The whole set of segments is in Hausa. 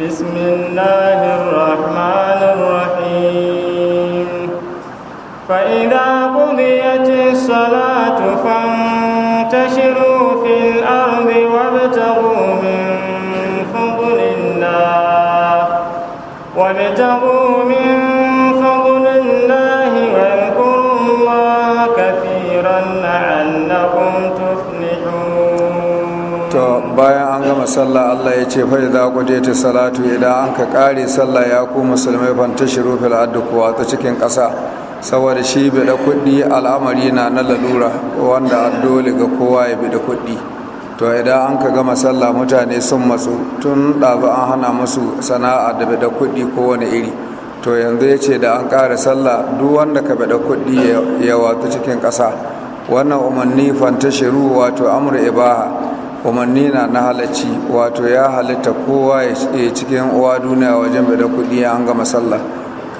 بسم الله الرحمن الرحيم فإذا قضيت الصلاة فانتشروا في الأرض bayan an gama sallah Allah ya ce fa idza ta salatu idan an ka kare sallah ya ku musulmai shiru fil ardi ku cikin ƙasa saboda shi bida kuɗi al'amari na na lalura wanda dole ga kowa ya bida kuɗi to idan an ka gama sallah mutane sun matsu tun ɗazu an hana musu sana'a da bida kuɗi kowane iri to yanzu ya ce da an ƙare sallah duk wanda ka bida kuɗi ya watsa cikin ƙasa wannan umarni fantashiru wato amur ibaha umarni na na halacci wato ya halitta kowa ya cikin uwa duniya wajen bada kuɗi an gama sallah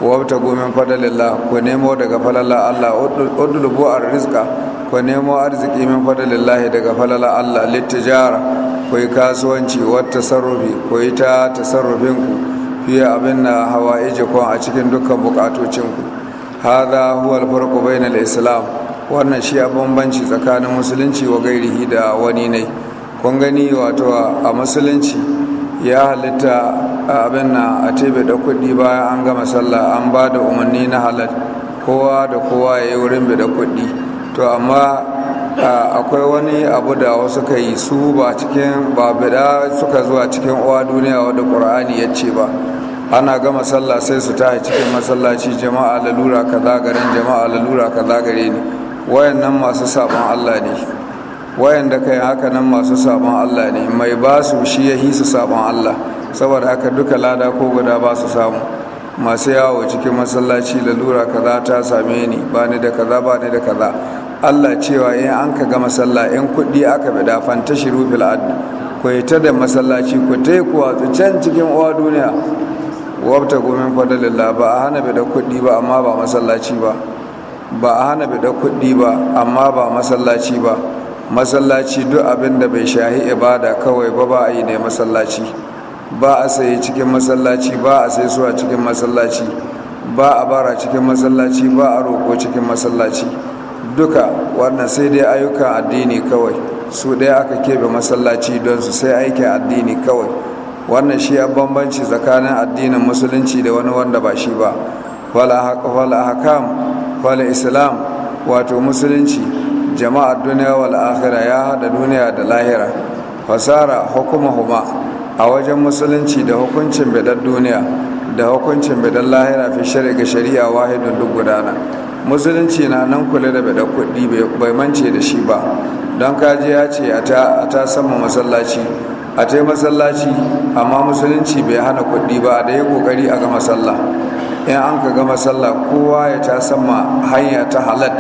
wabta gomin fadalillah ku nemo daga falala Allah udlubu arrizqa ku nemo arziki min fadalillah daga falala Allah littijara ku yi kasuwanci wata sarrufi ku yi ta tasarrufin ku fiye abin na hawaiji a cikin dukkan bukatocin ku hada huwa al bainal islam wannan shi a bambanci tsakanin musulunci wa gairihi da wani ne kun gani wato a musulunci ya halitta abin na a tebe da kuɗi bayan an gama sallah an ba da umarni na halar kowa da kowa ya yi wurin da kuɗi to amma akwai wani abu da wasu ka yi su ba cikin ba bida suka zuwa cikin uwa duniya wadda ƙur'ani ya ce ba ana gama sallah sai su tashi cikin masallaci jama'a lalura kaza garin jama'a lalura kaza gare ne. wayannan masu sabon allah ne wayanda kai haka nan masu sabon Allah ne mai ba su shi ya hisa sabon Allah saboda haka duka lada ko guda ba su samu masu yawo cikin masallaci lalura kaza ta same ni ba ni da kaza ba ni da kaza Allah cewa in an ka gama sallah in kuɗi aka bi dafan ta shiru fil ku ta da masallaci ku ta yi kuwa can cikin uwa duniya wabta gomin fadalillah ba a hana bi da kuɗi ba amma ba masallaci ba ba a hana bi da kuɗi ba amma ba masallaci ba masallaci duk abin da bai shahi ibada kawai ba ba a yi ne masallaci ba a sai cikin masallaci ba a sai su cikin masallaci ba a bara cikin masallaci ba a roƙo cikin masallaci duka wannan sai dai ayyukan addini kawai su ɗaya aka keɓe masallaci don su sai aikin addini kawai wannan shi ya bambanci tsakanin addinin musulunci da wani wanda ba shi ba wala hakam wala islam wato musulunci jama'a duniya wal akhirah ya hada duniya da lahira fasara hukuma huma a wajen musulunci da hukuncin bidan duniya da hukuncin bidan lahira fi shari'a shari'a wahidun duk gudana musulunci na nan kula da bidan kuɗi bai mance da shi ba don kaji ya ce a ta sama masallaci a ta yi masallaci amma musulunci bai hana kuɗi ba da ya ƙoƙari a ga masalla in an ka gama sallah kowa ya ta sama hanya ta halat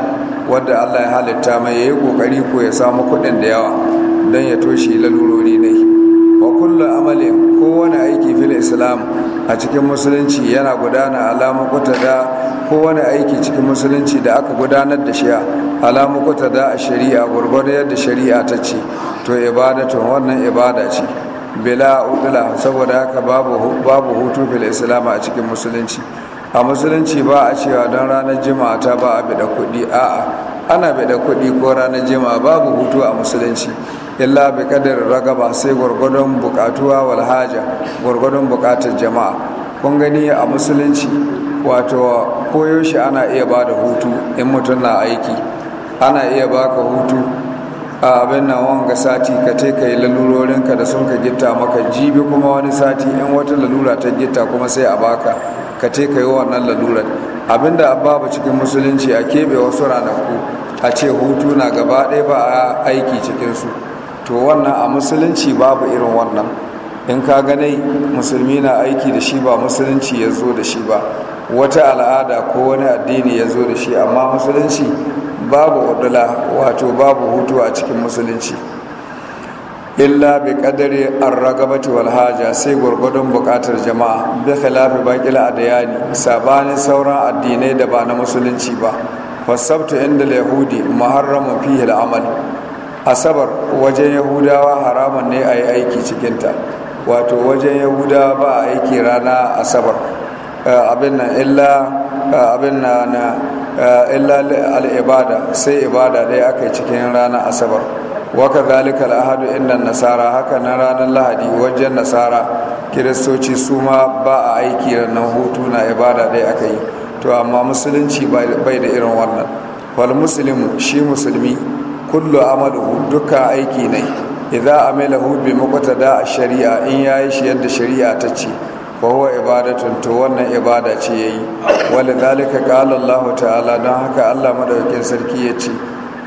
wadda allah ya halitta mai ya yi kokari ko ya samu kuɗin da yawa don ya toshe lalurori ne wa kullu amalin kowane aiki fil islam a cikin musulunci yana gudana alamu kuta da kowane aiki cikin musulunci da aka gudanar da shi'a alamu kuta da a shari'a gurgurda yadda shari'a ta ce to ibadatun wannan ibada ce bila udula saboda haka babu hutu fil islam a cikin musulunci a musulunci ba a cewa don ranar jima'a ta ba a bida kuɗi a'a ana bida kuɗi ko ranar jima'a babu hutu a musulunci illa bi kadar ragaba sai gwargwadon bukatuwa wal haja gwargwadon bukatar jama'a kun gani a musulunci wato koyaushe ana iya ba da hutu in mutum na aiki ana iya baka hutu a abin na wanga sati ka te ka yi lalurorinka da sun ka gitta maka jibi kuma wani sati in wata lalura ta gitta kuma sai a baka ka ce ka yi wannan lalurar abinda babu cikin musulunci a kebe wasu ranaku a ce hutu na gaba ɗaya ba a aiki cikinsu to wannan a musulunci babu irin wannan in ka ganai musulmi na aiki da shi ba musulunci ya zo da shi ba wata al'ada ko wani addini ya zo da shi amma musulunci babu wadula wato babu hutu a cikin musulunci illa bi kadari ar-ragabati wal haja sai gurgudun bukatar jama'a bi khilafi baqil adyani sabanin sauran addinai da ba na musulunci ba fasabtu inda yahudi muharramun fihi al-amal asabar wajen yahudawa haramun ne ayi yi aiki cikinta wato wajen yahudawa ba aiki rana asabar eh, abin nan illa eh, abin nan eh, illa al-ibada sai ibada dai akai cikin rana asabar waka zalika al'ahadu innan nasara haka na ranar lahadi wajen nasara kiristoci su ma ba a aiki ranar hutu na ibada ɗaya aka yi to amma musulunci bai da irin wannan wal Musulmi shi musulmi kullu amalu duka aiki ne idza amilahu bi muqtada shari'a in yayi shi yadda shari'a ta ce fa huwa ibadatun to wannan ibada ce yayi zalika qala Allah ta'ala dan haka Allah madaukin sarki ya yace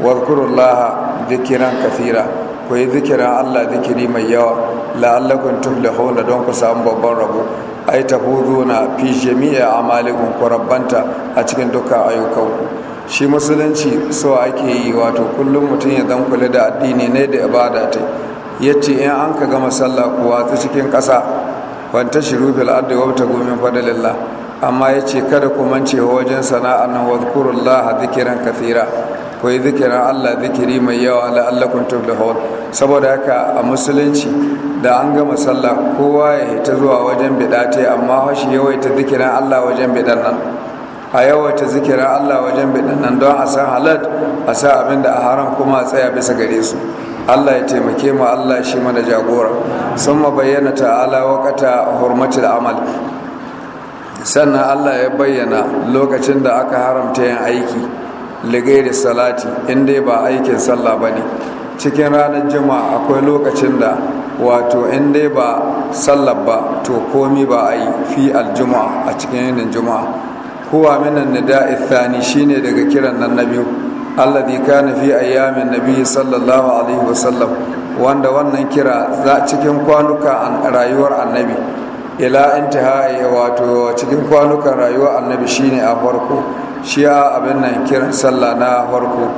zkurullaha zikiran kathira ku yi zikiran Allah zikiri mai yawa la'allakun tuflihuna don ku samu babban rabo ai tafuzuna fi jami'a amalikum ku rabbanta a cikin dukkan ayyukanku shi musulunci so ake yi wato kullum mutum ya zan kula da addini ne da ibada ta ce in an ka gama sallah ku ta cikin ƙasa wanta shiru bil ardi wa tagumin fadlillah amma yace kada ku mance wajen sana'an nan wadhkurullaha zikiran kathira koyi zikirin Allah zikiri mai yawa la'allakun hol saboda haka a musulunci da an gama sallah kowa ya hita zuwa wajen ta amma hashi yawaita zikirin Allah wajen bidan nan a yawaita zikirin Allah wajen bidan nan don a san halal a sa abin da a haram kuma a tsaya bisa gare su Allah ya taimake mu Allah shi mana jagora sun bayyana ta'ala a hurmatul amal sannan Allah ya bayyana lokacin da aka haramta yin aiki ligairi salati inda ba aikin sallah ba ne cikin ranar juma'a akwai lokacin da wato inda ba sallah ba to komi ba a yi fi aljuma'a a cikin yinin juma'a kowa minan nida'i thani shine daga kiran nan na biyu alladhi kana fi ayyamin nabi sallallahu alaihi wasallam wanda wannan kira za cikin kwanuka an rayuwar annabi ila intihai wato cikin kwanukan rayuwar annabi shine a farko shi a abin nan kiran sallah na harko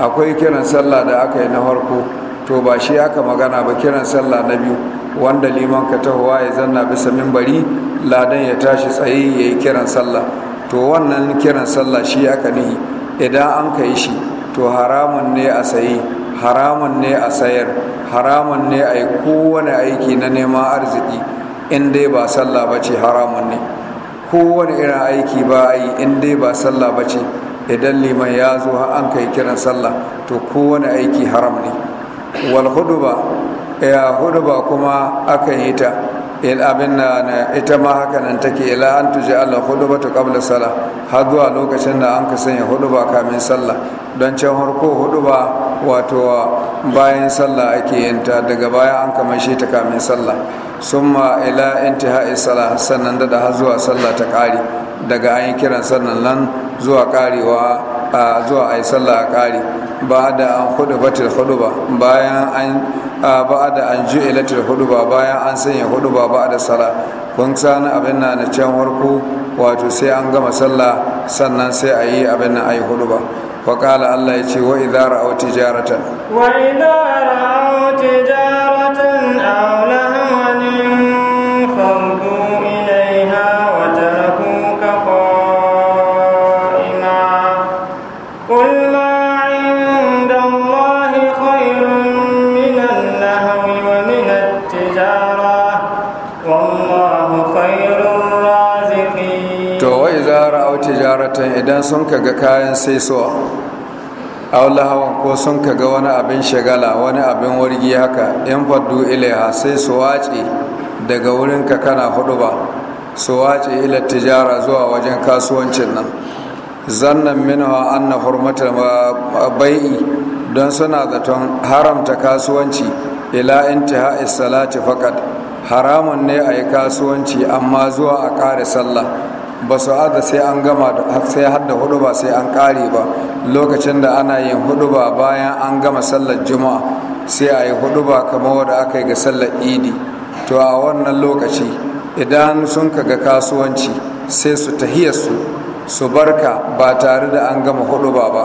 akwai kiran sallah da aka yi na harko to ba shi haka magana ba kiran sallah na biyu wanda liman ka tahowa ya zanna bisa mimbari ladan ya tashi tsaye ya yi kiran sallah to wannan kiran sallah shi aka nihi idan an ka yi shi to haramun ne a sayi haramun ne a sayar haramun ne a yi kowane aiki na neman arziki in dai ba sallah ba ce haramun ne kowane irin aiki ba a yi in dai ba sallah ba ce idan liman ya zo an kai kiran sallah to kowane aiki haram ne wal huduba ya huduba kuma aka yi ta il abin na ita ma haka nan take ila an tuje Allah huduba to qabla sallah har zuwa lokacin da an ka sanya huduba kamin sallah don can harko ba, wato bayan sallah ake yin ta daga baya an kamashe ta kamin sallah ma ila intihai sala sannan da har zuwa sallah ta ƙari daga an yi kiran sannan nan zuwa ƙarewa a zuwa a yi sallah a ƙari ba da an hudu batir hudu ba bayan an ba da an ji ilatil hudu ba bayan an sanya hudu ba ba da sala kun san abin na na can warko wato sai an gama sallah sannan sai a yi abin na a yi hudu ba wa Allah ya ce wa idara a jaratan wa idara a jaratan idan sun kaga kayan sai a hawan ko sun kaga wani abin shagala wani abin wargi haka in faddu ilaiha sai su wace daga wurinka kana hudu ba su wace ila tijara zuwa wajen kasuwancin nan zannan minawa na hurmata bai'i don suna zaton haramta kasuwanci ila ha'is salati fakat haramun ne a yi kasuwanci amma zuwa a ƙare sallah ba su da sai an gama sai da hudu ba sai an kare ba lokacin da ana yin hudu ba bayan an gama sallar juma'a sai a yi hudu ba kamar wadda aka yi ga sallar idi to a wannan lokaci idan sun kaga kasuwanci sai su tahiyarsu su barka ba tare da an gama hudu ba ba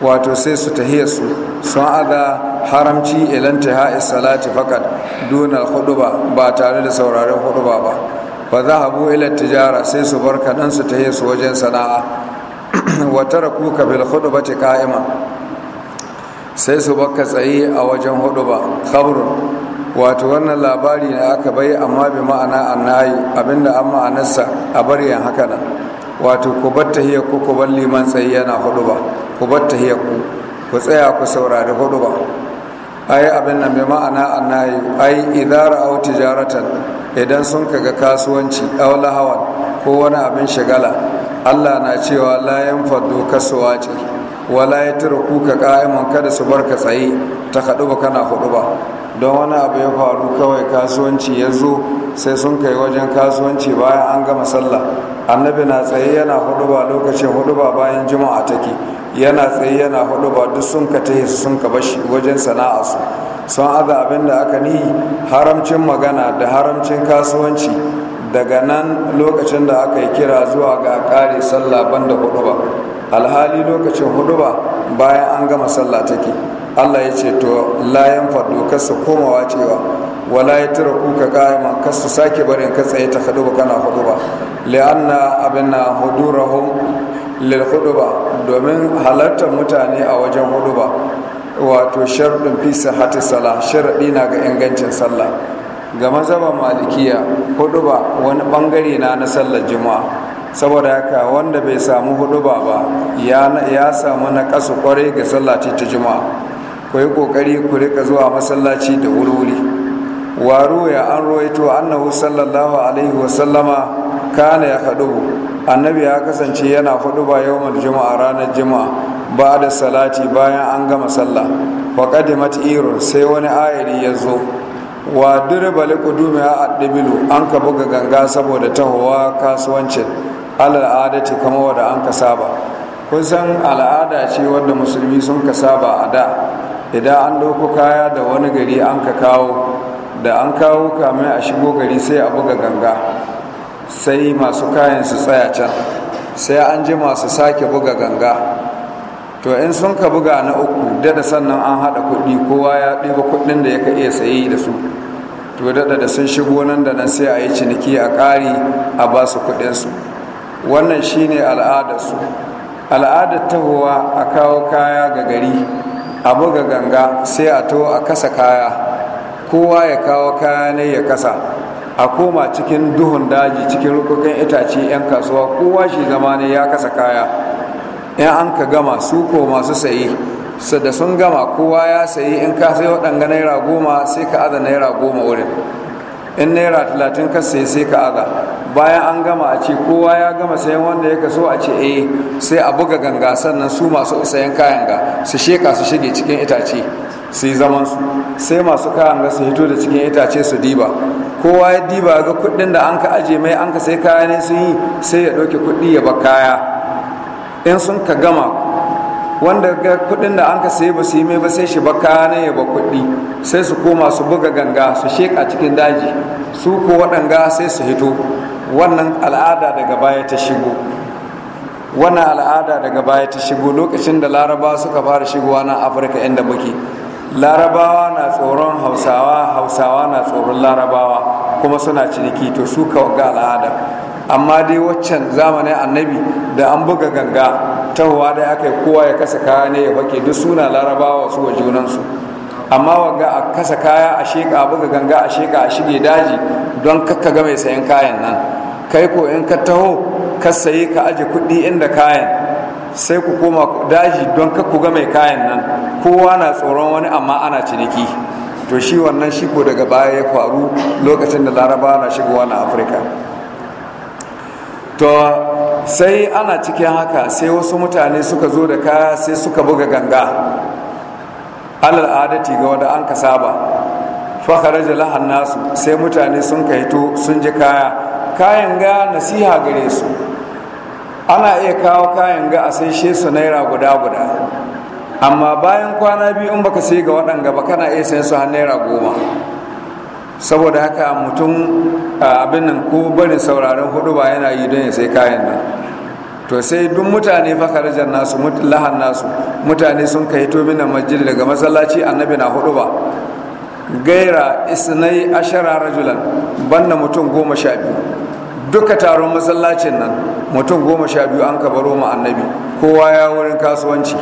wato sai su tahiyarsu sun ada haramci ilanta ha'is salati fakat dunar hudu ba ba tare da sauraren hudu ba ba fa zahabu ila tijara sai su bar kadan su tahe su wajen sana'a wa taraku ka bil khudbati qa'ima sai su baka tsaye a wajen huduba khabrun wato wannan labari ne aka bai amma bi ma'ana annayi abinda an ma'anarsa a baryan haka nan wato ku bar tahiyar ku ku bar liman tsaye yana huduba ku bar tahiyar ku ku tsaya ku saurari huduba ai abin nan mai ma'ana annayi ai idara au tijaratan idan sun kaga kasuwanci au lahawan ko wani abin shigala Allah na cewa la yanfadu kasuwaci wala ya ka kuka kada su barka tsaye ta kaɗu ba kana hudu ba don wani abu ya faru kawai kasuwanci ya sai sun kai wajen kasuwanci bayan an gama sallah annabi na tsaye yana huduba lokacin huduba bayan juma'a take yana tsaye yana huduba duk sun ka tahi sun ka bashi wajen sana'a su sun aza abin da aka ni haramcin magana da haramcin kasuwanci daga nan lokacin da aka yi kira zuwa ga kare sallah banda huduba alhali lokacin huduba bayan an gama sallah take Allah ya ce to layan faɗo kasa komawa cewa wala ya tura kuka ƙa'iman kasa sake barin ka tsaye ta hudu ba kana hudu ba li'anna abin na rahun lil hudu ba domin halartar mutane a wajen hudu ba wato sharɗin Fisa, hati sala sharaɗi na ga ingancin sallah ga mazaba malikiya hudu ba wani bangare na na sallar juma'a saboda haka wanda bai samu hudu ba ba ya samu na ƙasa kwarai ga sallaci ta juma'a ku yi ƙoƙari ku rika zuwa masallaci da wuri-wuri waro ya an roito annahu sallallahu alaihi wa sallama, kana ya hadu annabi ya kasance yana hudu ba yawon juma'a ranar juma'a ba da salati bayan an gama sallah wa qadimat irun sai wani ayari ya zo wa dirba qudumi a adbilu an ka buga ganga saboda tahowa kasuwancin adati kamar wadda an ka saba kun san al'ada ce wanda musulmi sun ka saba a da idan an ɗauko kaya da wani gari an ka kawo da an kawo kamar a shigo gari sai a buga ganga sai masu kayan su tsaya can sai an ji masu sake buga ganga to in sun ka buga na uku dada sannan an haɗa kuɗi kowa ya ɗiba kuɗin da ya ka iya saye da su to dada da sun shigo nan da nan sai a yi ciniki a ƙari a ba su kuɗinsu wannan shine al'adarsu al'adar tahowa a kawo kaya ga gari a buga ganga sai a to a kasa kaya kowa ya kawo kaya ne ya kasa a koma cikin duhun daji cikin rukukan itace 'yan kasuwa kowa shi zama ne ya kasa kaya 'yan an ka gama su ko masu sayi su da sun gama kowa ya sayi in ka sai waɗanga naira goma sai ka aza naira goma wurin in naira talatin ka sai sai ka aza bayan an gama a ce kowa ya gama sayan wanda ya kaso a ce eh sai a buga ganga sannan su masu sayan kayan ga su sheka su shige cikin itace su yi zaman su sai masu kayan ga su hito da cikin itace su diba kowa ya diba ga kuɗin da an ka aje mai an ka sai kaya ne sun yi sai ya ɗauke kuɗi ya ba kaya in sun ka gama wanda ga kudin da an ka saye ba su yi mai ba sai shi baka na ya ba kudi sai su koma su buga ganga su sheka cikin daji su ko waɗanga sai su hito wannan al'ada daga baya ta shigo wannan al'ada daga baya ta shigo lokacin da larabawa suka fara shigowa na afirka inda muke larabawa na tsoron hausawa hausawa na tsoron larabawa kuma suna ciniki to su ka ga al'ada amma dai waccan zamanin annabi da an buga ganga tahowa dai aka yi kowa ya kasa kaya ne ya fake duk suna larabawa su wa junansu amma wanga a kasa kaya a sheka a buga ganga a sheka a shige daji don kakka ga mai sayan kayan nan kai ko in ka taho ka sayi ka aje kuɗi inda kayan sai ku koma daji don kakku ga mai kayan nan kowa na tsoron wani amma ana ciniki to shi wannan shi ko daga baya ya faru lokacin da larabawa na shigowa na afirka to sai ana cikin haka sai wasu mutane suka zo da kaya sai suka buga ganga alal adati ga wanda an ka saba fakara lahan nasu sai mutane sun kaito sun ji kaya kayan ga nasiha gare su ana iya kawo kayan ga a sai su naira guda guda amma bayan kwana biyu in baka sai ga waɗanga ba kana iya sai su har naira goma saboda haka mutum abin nan ko barin sauraron hudu ba yana yi don ya sai kayan nan to sai duk mutane fakarajar nasu lahan nasu mutane sun kai to mina masjid daga masallaci annabi na hudu ba gaira isnai ashara rajulan banda mutum goma sha biyu duka taron masallacin nan mutum goma sha biyu an kabaro mu annabi kowa ya wurin kasuwanci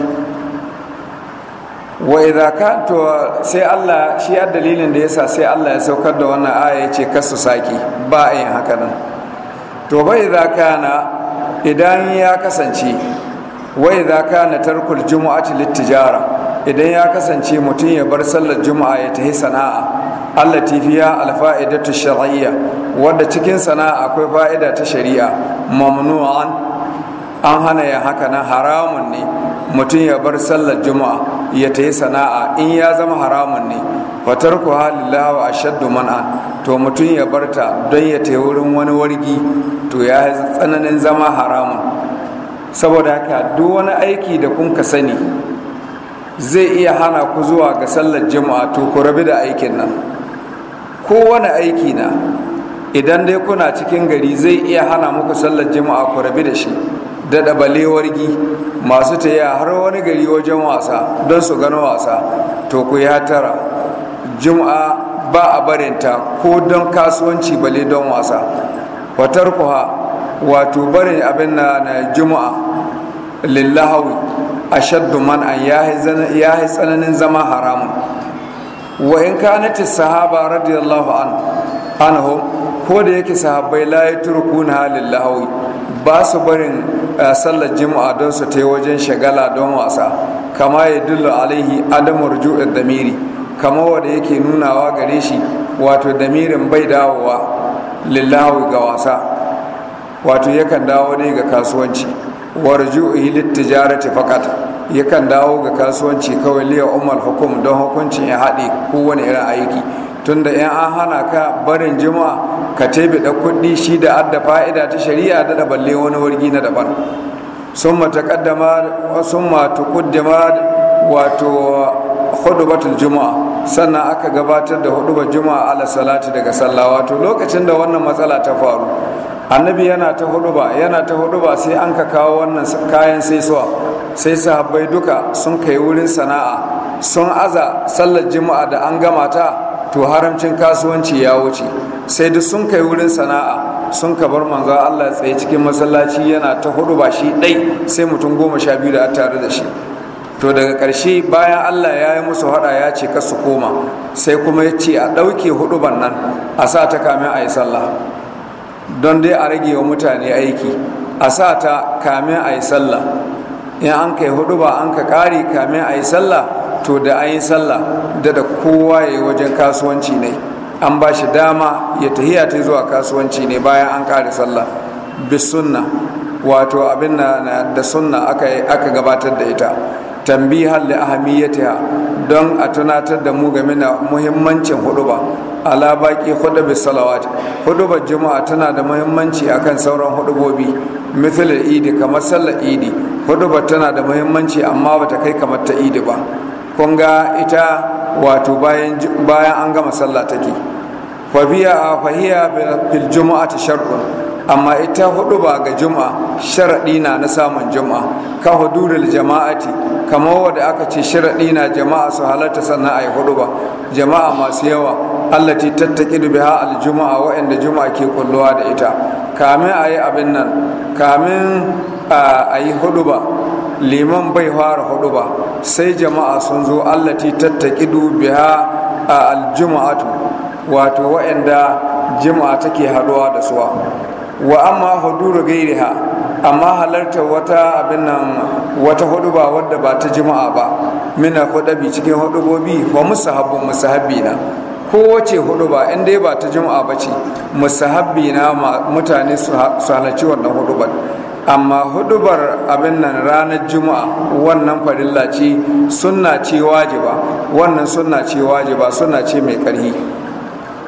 wa ka to sai Allah shi ya dalilin da yasa sai Allah ya saukar da wannan aya ya ce kasu saki ba a yin haka nan to bai idaka na idan ya kasance wa idza kana tarkul jumu'ati littijara idan ya kasance mutum ya bar sallar juma'a ya tahi sana'a Allah tifiya alfa'idatu shar'iyya wadda cikin sana'a akwai fa'ida ta shari'a mamnu'an an hana ya haka nan haramun ne mutum ya bar sallar juma'a ya ta sana'a in ya zama haramun ne fatar ku halillahi wa ashaddu man'a to mutum ya bar ta don ya ta wurin wani wargi to ya tsananin zama haramun saboda haka duk wani aiki da kun ka sani zai iya hana ku zuwa ga sallar juma'a to ku rabi da aikin nan kowane aiki na idan dai kuna cikin gari zai iya hana muku sallar juma'a ku rabi da shi daɗa balewargi masu ta taya har wani gari wajen wasa don su gano wasa to ku ya tara juma'a ba a barinta ko don kasuwanci bale don wasa watar kuwa wato barin abin na na juma'a lillahawi a shaddu man an ya yi tsananin zama haramun wa in kanati sahaba radiyallahu an anhu ko da yake sahabbai la ya turku na halin lahawi ba su barin sallar jima'a don su ta wajen shagala don wasa kama ya dillo alaihi adamu ruju'ar damiri kama wanda yake nunawa gare shi wato damirin bai dawowa lillahi ga wasa wato yakan dawo ne ga kasuwanci wa ruju'i littijarati faqat yakan dawo ga kasuwanci kawai liya umar hukum don hukuncin ya haɗe kowane irin aiki tunda in an hana ka barin juma'a ka tebe da kuɗi shi da adda fa'ida ta shari'a da da balle wani wargi na daban kaddama sun mata tuqaddama wato hudubatul juma'a sannan aka gabatar da hudubar juma'a ala salati daga sallah wato lokacin da wannan matsala ta faru annabi yana ta huduba yana ta huduba sai an ka kawo wannan kayan sai suwa sai sahabbai duka sun kai wurin sana'a sun aza sallar juma'a da an gama ta to haramcin kasuwanci ya wuce sai duk sun kai wurin sana'a sun ka bar manzo Allah tsaye cikin masallaci yana ta hudu ba shi ɗai sai mutum goma sha biyu da tare da shi to daga ƙarshe bayan allah ya yi musu haɗa ya ce kasu koma sai kuma ya ce a ɗauke huɗuban nan a sa ta kamin a yi sallah don dai a rage wa mutane aiki a sa ta kamin a yi sallah in an kai huɗuba an ka ƙari kamin a yi sallah to da an yi sallah da da kowa ya yi wajen kasuwanci ne an ba shi dama ya tahiya ta zuwa kasuwanci ne bayan an kare sallah bis sunna wato abin da sunna aka gabatar da ita tambihar ahamiyyata ahamiyatiha don a tunatar da mu game da muhimmancin huduba ala baki hudubi salawat hudubar juma'a tana da muhimmanci akan sauran hudubobi misal idi kamar sallar idi Huɗuba tana da muhimmanci amma bata kai kamar ta idi ba kun ita wato bayan an gama sallah take a fahiya fil jumu'ati shar'un amma ita hudu ba ga juma'a sharaɗi na na samun juma'a ka hudurul jama'ati kamar wanda aka ce sharaɗi na jama'a su halarta sannan ayi hudu ba jama'a masu yawa allati da biha al juma'a wa'anda juma'a ke kulluwa da ita kamin ayi abin nan kamin ayi hudu ba liman bai fara hudu ba sai jama'a sun zo allati tattaqidu biha aljum'atu wato wa'anda jima'a take haduwa da suwa wa amma huduru gairiha amma halarta wata abin nan wata ba wadda ba ta jima'a ba mina hudabi cikin gobi wa musu musahabbi na kowace ba in dai ba ta jima'a ba ce musahabbi na mutane su halarci wannan ba amma hudubar abin nan ranar juma'a wannan farilla ce sunna ce wajiba wannan sunna ce wajiba sunna ce mai ƙarfi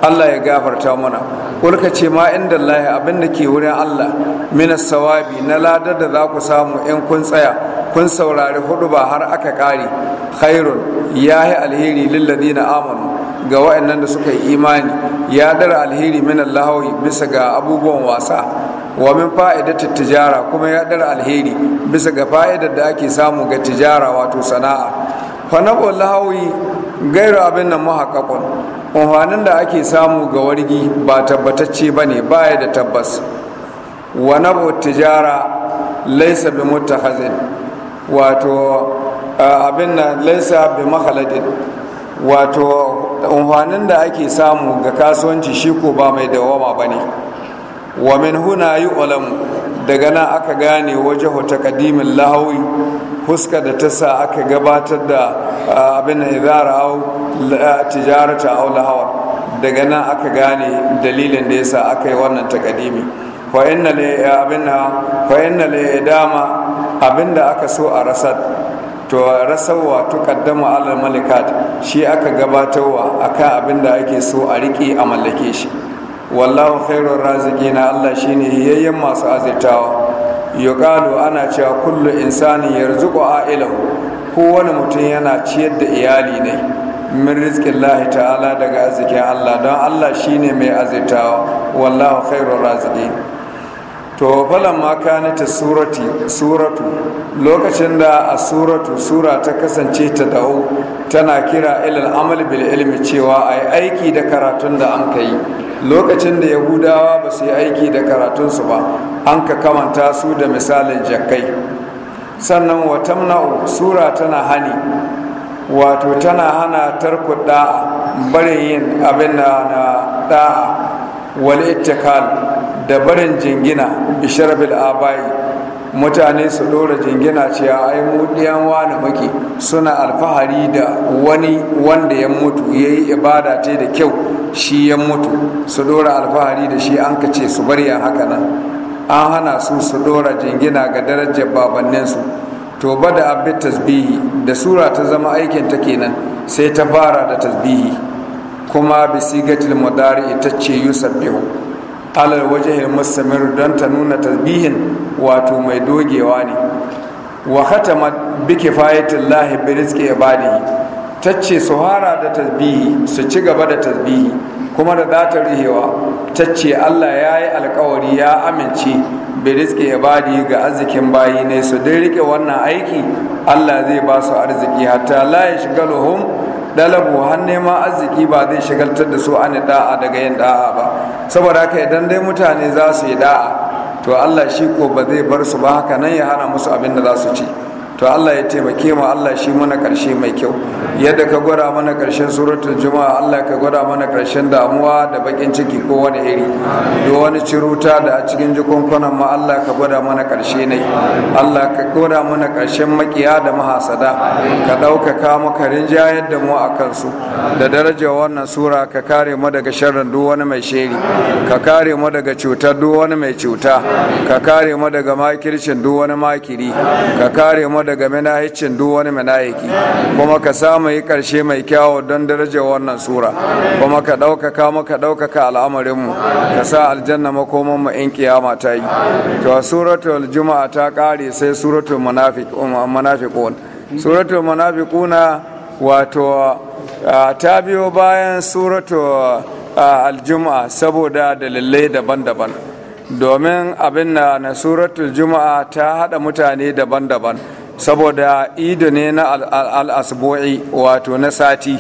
Allah ya gafarta mana kulka ce ma inda Allah abin da ke wurin Allah mina sawabi na ladar da za ku samu in kun tsaya kun saurari hudu ba har aka kare khairun ya yi alheri na amanu ga waɗannan da suka yi imani ya dara alheri min lahawi bisa ga abubuwan wasa wa min fa'idat tijara kuma ya dara alheri bisa ga fa'idar da ake samu ga tijara wato sana'a fa nabu lahawi gairu abin nan muhakkakon unhwanin da ake samu ga wargi ba tabbatacce ba ne baya da tabbas wa nabu tijara laisa bi mutakhazin wato abin nan laisa bi mahaladin wato unhwanin da ake samu ga kasuwanci shi ko ba mai dawama ba ne wa min huna yi olamu daga nan aka gane wajahu takadimin lahawi huska da ta sa aka gabatar da abin izara au tijarata au lahawa daga nan aka gane dalilin da yasa aka yi wannan takadimi fa inna li abinna fa inna aka so a rasar to rasarwa kaddama ala malikat shi aka gabatarwa akan abinda ake so a riƙe a mallake shi wallahu khairur razikina Allah shine yayyan masu azirtawa yuqalu ana cewa kullu insani yarzuqu a'ilahu kowane mutum yana ciyar da iyali ne min rizkin lahi ta'ala daga arzikin Allah don Allah shine mai azirtawa wallahu khairur raziki to falan ma ta surati suratu lokacin da a suratu sura ta kasance ta dawo tana kira ilal amal bil ilmi cewa ai aiki da karatun da an kai lokacin da yahudawa ba su yi aiki da karatunsu ba an ka kamanta su da misalin jakai sannan mna'u sura tana hani wato tana hana tarku da'a barin yin abin da na da'a wal ittikal da barin jingina bishar sharbil abai mutane su dora jingina cewa ai mu diyan wani muke suna alfahari da wani wanda ya mutu ya yi ibada ta da kyau shi ya mutu su dora alfahari da shi an kace su bari a haka nan an hana su su dora jingina ga darajar babanninsu to ba da abin tasbihi da sura ta zama aikin ta kenan sai ta fara da tasbihi kuma bisigatil mudari ta ce yusabbihu alal wajahil mustamir don ta nuna tasbihin wato mai dogewa ne wa khatama bi kifayatillahi bi rizqi ibadihi tace su hara da tasbihi su ci gaba da tasbihi kuma da zata rihewa tace Allah ya yi alkawari ya amince bi rizqi ibadi ga arzikin bayi ne su dai rike wannan aiki Allah zai ba su arziki hatta la yashgaluhum dalabu har neman arziki ba zai shagaltar da su ani da'a daga yin da'a ba saboda haka idan dai mutane za su yi da'a to Allah shi ko ba zai bar su ba haka nan ya hana musu abin da za su ci to Allah ya taimake mu Allah shi mana karshe mai kyau yadda ka gwada mana karshen suratul juma'a Allah ka gwada mana karshen damuwa da bakin ciki ko wani iri duk wani ciruta da a cikin jikunkunan mu Allah ka gwada mana karshe ne Allah ka gwada mana karshen makiya da mahasada ka ɗaukaka mu ka rinjayar da mu a kansu da daraja wannan sura ka kare mu daga sharrin duk wani mai sheri ka kare mu daga cutar duk wani mai cuta ka kare mu daga makircin duk wani makiri ka kare mu daga manahicin duk wani manayiki kuma ka samu yi karshe mai kyawo don darajar wannan sura kuma ka ɗaukaka maka ɗaukaka al'amarinmu ka sa aljanna makoman mu in kiyama ta yi to suratul juma'a ta ƙare sai suratul um, munafiqun suratul munafiquna wato ta biyo bayan suratul aljuma'a saboda dalilai daban-daban domin abin na suratul juma'a ta hada mutane daban-daban saboda ido ne na al'asbu'i wato na sati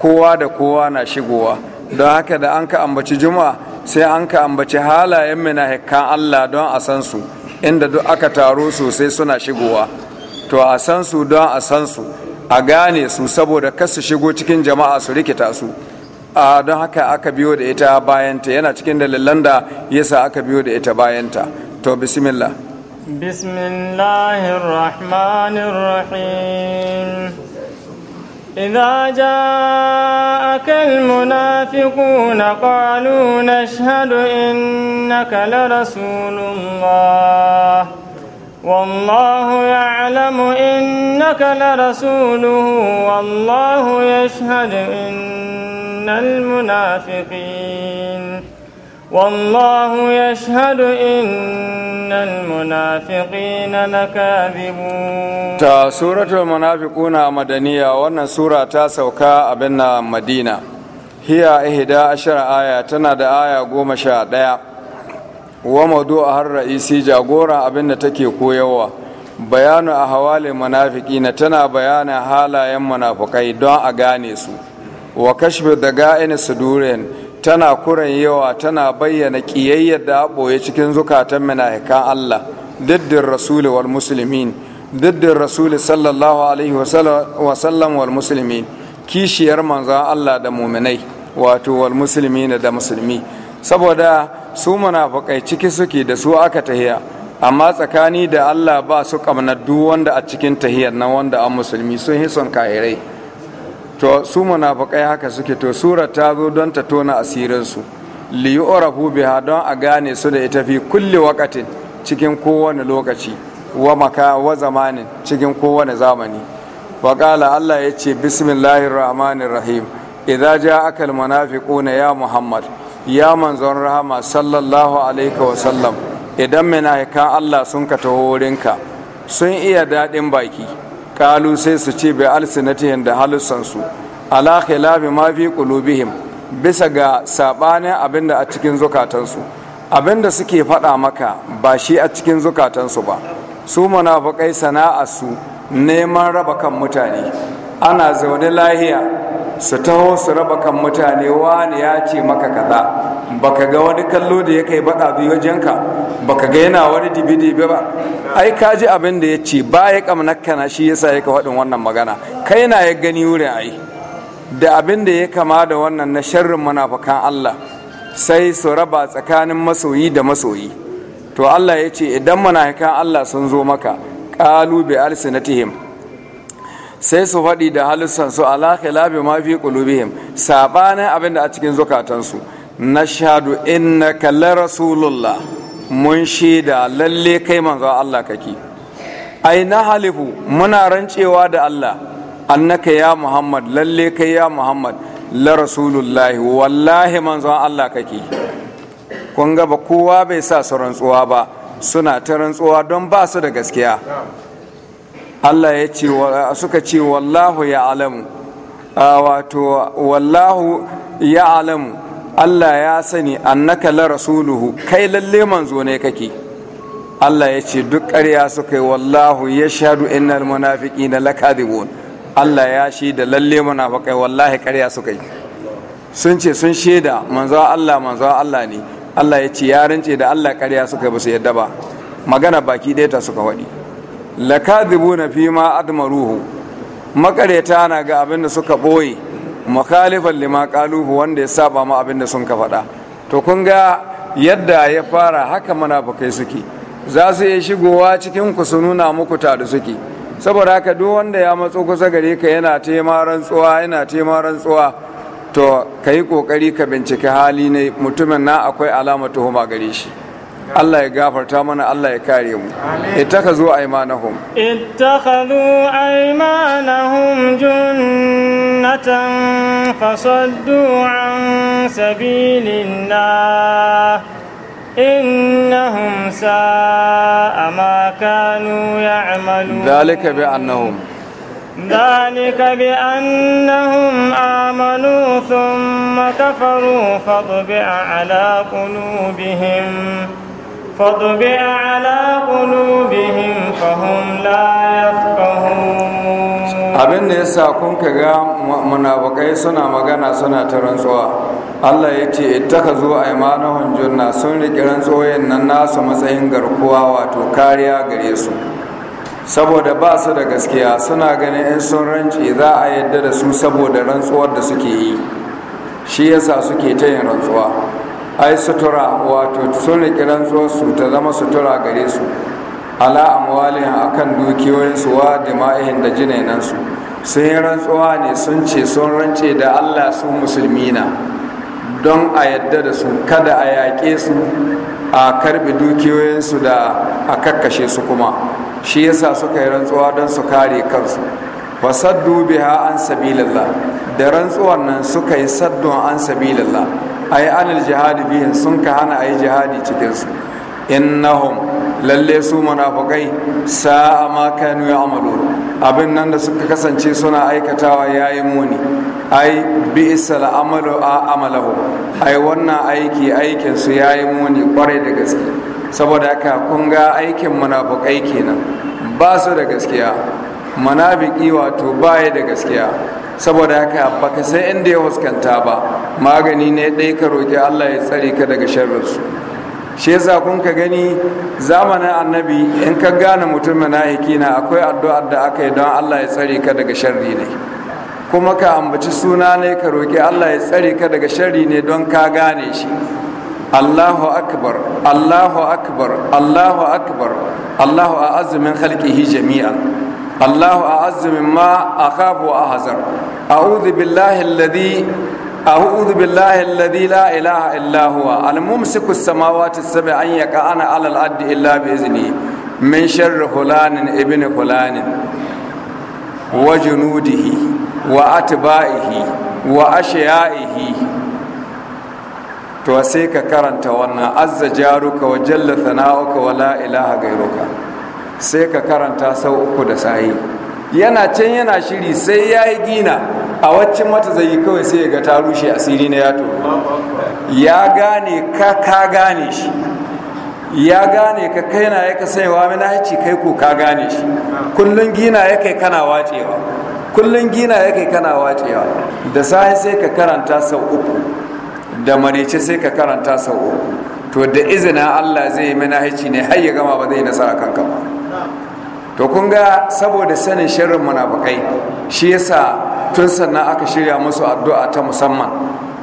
kowa da kowa na shigowa don haka da an ka ambaci juma'a sai an ka ambaci halayen hekkan Allah don a san su inda duk aka taro sosai suna shigowa to a san su don a san su a gane su saboda kar shigo cikin jama'a su rikita su a don haka aka biyo da ita bayanta yana cikin dalilan da yasa aka biyo da ita bayanta to bismillah بسم الله الرحمن الرحيم إذا جاءك المنافقون قالوا نشهد إنك لرسول الله والله يعلم إنك لرسوله والله يشهد إن المنافقين والله يشهد إن المنافقين لكاذبون تا سورة المنافقون مدنية وانا سورة تاسوكا أبنا مدينة هي إحدى عشر آية تنادى آية قوم شادية وموضوعها الرئيسي جاغورا أبنا تكي كويوا بيان a المنافقين تنا بيان حالا bayanin halayen munafukai don a gane su wa tana kuran yawa tana bayyana ƙiyayyar da ɓoye cikin zukatan munafikan Allah diddin rasuli wal musulmin diddin rasuli sallallahu alaihi wa sallam wal musulmin kishiyar manzan Allah da muminai wato wal da musulmi saboda su munafikai ciki suke da su aka tahiya amma tsakani da Allah ba su kamnar duk a cikin tahiyar na wanda an musulmi sun hison kairai. to su munafikai haka suke to surar ta zo don ta tona asirinsu li yu'rafu biha don a gane su da ita fi kulli waqatin cikin kowane lokaci wa maka wa zamanin cikin kowane zamani wa qala Allah yace bismillahir rahmanir rahim idza ja'aka al munafiquna ya muhammad ya manzon rahma sallallahu alaihi wa sallam idan ka Allah sun ka taho wurinka sun iya dadin baki kalu sai su ce bai alsinatihin da halussansu ala khilafi ma fi qulubihim bisa ga sabanin abinda a cikin zukatansu abinda suke faɗa maka ba shi a cikin zukatansu ba su sana'a su neman raba kan mutane ana zaune lahiya su taho su raba kan mutane wani ya ce maka kaza baka ga wani kallo da ya kai baka bi wajenka baka ga yana wani dibi ba ai ka ji abin da ya ce ba ya kamnakka na shi yasa ya ka faɗin wannan magana kai na ya gani wurin yi da abin da ya kama da wannan na sharrin munafukan Allah sai su raba tsakanin masoyi da masoyi to Allah ya ce idan munafukan Allah sun zo maka qalu bi alsinatihim sai su faɗi da halussan su ala khilafi ma fi qulubihim sabanin abin da a cikin zukatansu nashhadu innaka la rasulullah mun shaida lalle kai manzo Allah kake ai na halifu muna rancewa da Allah annaka ya Muhammad lalle kai ya Muhammad la rasulullah wallahi manzo Allah kake kun ga ba kowa bai sa su rantsuwa ba suna ta rantsuwa don ba su da gaskiya Allah ya ce suka ce wallahu ya alamu wato wallahu ya alamu Allah ya sani annaka la rasuluhu kai lalle manzo ne kake Allah ya ce duk ƙarya suka yi wallahu ya shaɗu innal munafiki na lakadibun Allah ya shi da lalle munafikai wallahi ƙarya suka yi sun ce sun shaida manzo Allah manzo Allah ne Allah ya ce ya rance da Allah ƙarya suka yi ba su yadda ba magana baki ɗaya ta suka waɗi lakadibuna fi ma admaruhu makareta na ga abin da suka boye makhalifan lima kaluhu, wanda ya saba ma abin da sun ka faɗa to kun ga yadda ya fara haka munafikai suke za su iya shigowa cikin ku su nuna muku ta da suke saboda haka duk wanda ya matso kusa gare ka yana tema rantsuwa yana tema rantsuwa to ka yi kokari ka bincike hali ne mutumin na akwai alama tuhuma gare shi Allah ya gafarta mana Allah ya kare mu ittakhadhu aymanahum ittakhadhu aymanahum junnatan fasaddu an sabilillah إنهم ساء ما كانوا يعملون ذلك بأنهم ذلك بأنهم آمنوا ثم كفروا فطبع على قلوبهم فاطبع على قلوبهم فهم لا يفقهون abin da yasa kun kaga munafikai suna magana suna ta rantsuwa Allah ya ce ittaka a aimanahun junna sun riƙe rantsuwoyin nan nasu matsayin garkuwa wato kariya gare su saboda ba su da gaskiya suna ganin in sun ranci za a yadda da su saboda rantsuwar da suke yi shi yasa suke ta yin rantsuwa ai sutura wato sun riƙi rantsuwarsu ta zama sutura gare su ala a akan dukiyoyinsu wa dima'ihin da jinainansu sun yi rantsuwa ne sun ce sun rance da allah su musulmi na don a yadda da su kada a yaƙe su a karbi dukiyoyinsu da a kakkashe su kuma shi yasa suka yi rantsuwa don su kare kansu fasaddu biha an sabilillah da rantsuwan nan suka yi saddon an sabilillah ay anil jihadi bihi sun ka hana ayi jihadi cikin su innahum lalle su munafiqai sa'a ma kanu ya'malu abin nan da suka kasance suna aikatawa yayin muni ai bi isal amalu a amalahu ai wannan aiki aikin su yayi muni kwarai da gaske saboda haka kun ga aikin munafiqai kenan ba su da gaskiya munafiki wato baya da gaskiya saboda haka baka sai inda ya fuskanta ba magani ne ɗaya ka roƙi allah ya tsare ka daga sharrinsu shi yasa kun ka gani zamanin annabi in ka gane mutum munafiki na akwai addu'ar da aka yi don allah ya tsare ka daga sharri ne kuma ka ambaci suna ne ka roƙi allah ya tsare ka daga sharri ne don ka gane shi Allahu akbar Allahu akbar Allahu akbar Allahu a azumin halƙihi jami'an الله أعز مما أخاف وأحذر أعوذ بالله الذي أعوذ بالله الذي لا إله إلا هو الممسك السماوات السبع أن يقعن على الأرض إلا بإذنه من شر فلان ابن فلان وجنوده وأتباعه وأشيائه توسيك كرنت ka عز جارك وجل ثناؤك ولا jalla غيرك sai ka karanta sau uku da sahi yana can yana shiri sai ya yi gina a wacce mata zai yi kawai sai ya ga ta rushe asiri na yato ya gane ka ka gane shi ya gane ka kai na ya wa mina haici kai ko ka gane shi kullum gina ya kai kana wacewa kullum gina ya kai kana wacewa da sahi sai ka karanta sau uku da marice sai ka karanta sau uku to da izinin allah zai yi mina haici ne har ya gama ba zai nasara kanka ba to kun ga saboda sanin shirin munafukai shi yasa tun sannan aka shirya musu addu'a ta musamman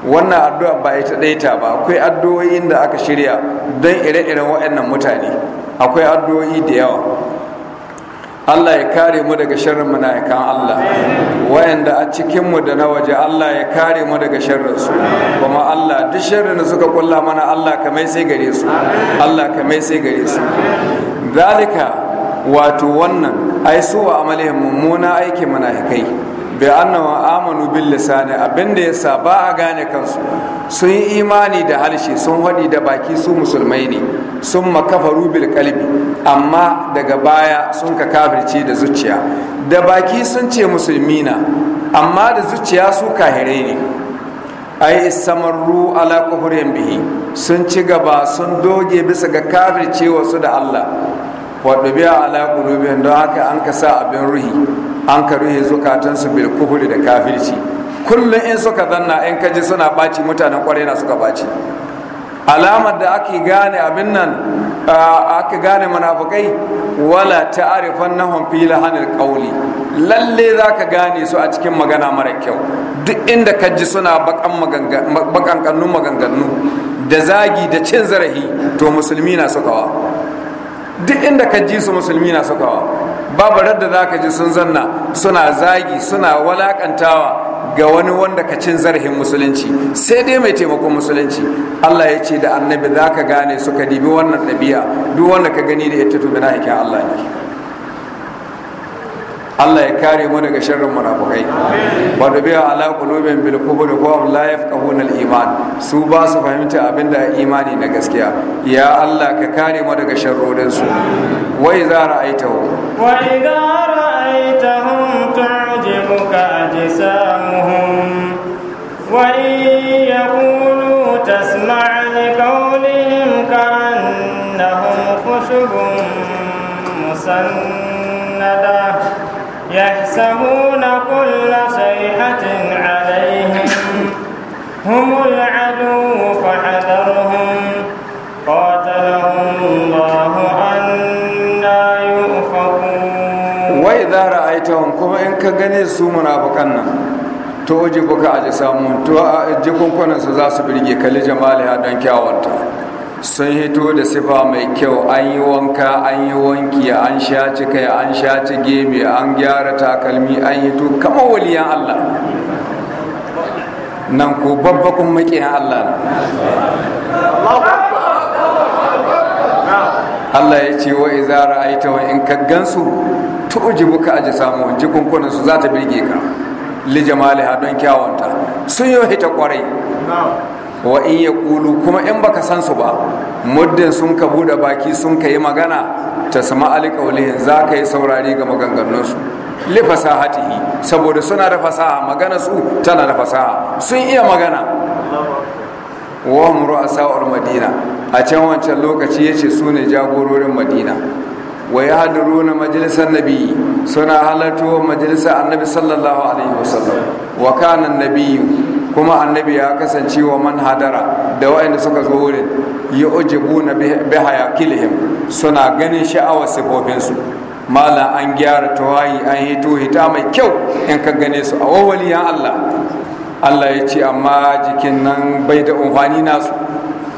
wannan addu'a ba ita ɗaita ba akwai addu'o'in da aka shirya don ire-iren waɗannan mutane akwai addu'o'i da yawa Allah ya kare mu daga sharrin munafikan Allah wayanda a cikin mu da na waje Allah ya kare mu daga sharrin su kuma Allah duk sharrin da suka kulla mana Allah kamai sai gare su Allah kamai sai gare su dalika wato wannan ai su wa amalihin mummuna aikin munafikai bai annawa amanu bil lisani abinda ya sa ba a gane kansu sun yi imani da harshe sun haɗi da baki su musulmai ne sun makafaru bil kalbi amma daga baya sun ka kafirce da zuciya da baki sun ce musulmi na amma da zuciya su kahirai ne ai samarru ala kufurin bihi sun ci gaba sun doge bisa ga kafircewa su da Allah wato biya ala qulubihim don haka an ka sa abin ruhi an ka ruhi zukatansu bil kufuri da kafirci kullum in suka zanna in ka ji suna baci mutanen kwarai na suka baci alamar da ake gane abin nan aka gane munafukai wala ta'arifan na hanfi lahanil qawli lalle za ka gane su a cikin magana mara kyau duk inda ka ji suna bakan maganganu maganganu da zagi da cin zarafi to musulmi na sukawa duk inda ka ji su musulmi na sakawa babu radda za ka ji sun zanna suna zagi suna walakantawa ga wani wanda ka cin zarhin musulunci sai dai mai taimakon musulunci allah ya ce da annabi za ka gane suka dibi wannan ɗabi'a duk wanda ka gani da ya tattu bina aikin allah ne Allah ya kare mu daga sharrin munafukai wa biya ala qulubin bil kufri wa la yafqahuna al iman su ba su fahimta abinda imani na gaskiya ya Allah ka kare mu daga sharrodin su wa idza ra'aytahum wa idza ra'aytahum tu'jibuka ajsamuhum wa yaqulu tasma' li qawlihim kanahum khushubun musannada يحسبون كل صيحة عليهم هم العدو فحذرهم قاتلهم الله أنا يؤفكون وإذا رأيتهم كما إن كغني سومنا بكنا to uji buka aji samu to a jikunkunan su za su birge kalli jamaliya don kyawunta sun hito da sifa mai kyau an yi wanka an yi wanki an shaci kai an shaci gemi an gyara takalmi an hito kama waliyan allah nan ko kun makiyan allah allah ya ce wa iza ra'aita wa in ka gansu tu'jibuka aji samu jikunkunan su za ta birge ka li jamaliha don kyawunta sun yi hita kwarai wa in ya kulu kuma in baka san su ba muddin sun ka bude baki sun ka yi magana ta sama alƙaulihin za ka yi saurari ga maganganunsu li fasahatihi saboda suna da fasaha magana su tana da fasaha sun iya magana wa hum asawar madina a can wancan lokaci yace su ne jagororin madina wa ya haduru na majalisar nabi suna halartowa majalisar annabi sallallahu alaihi wasallam wa kana nabiyyu kuma annabi ya kasance wa man hadara da waɗanda suka zo wurin ya ujibu na bihaya kilihim suna ganin sha'awar sifofinsu mala an gyara tawayi an hito hita mai kyau in ka gane su a wawaliyan allah allah ya ce amma jikin nan bai da umfani nasu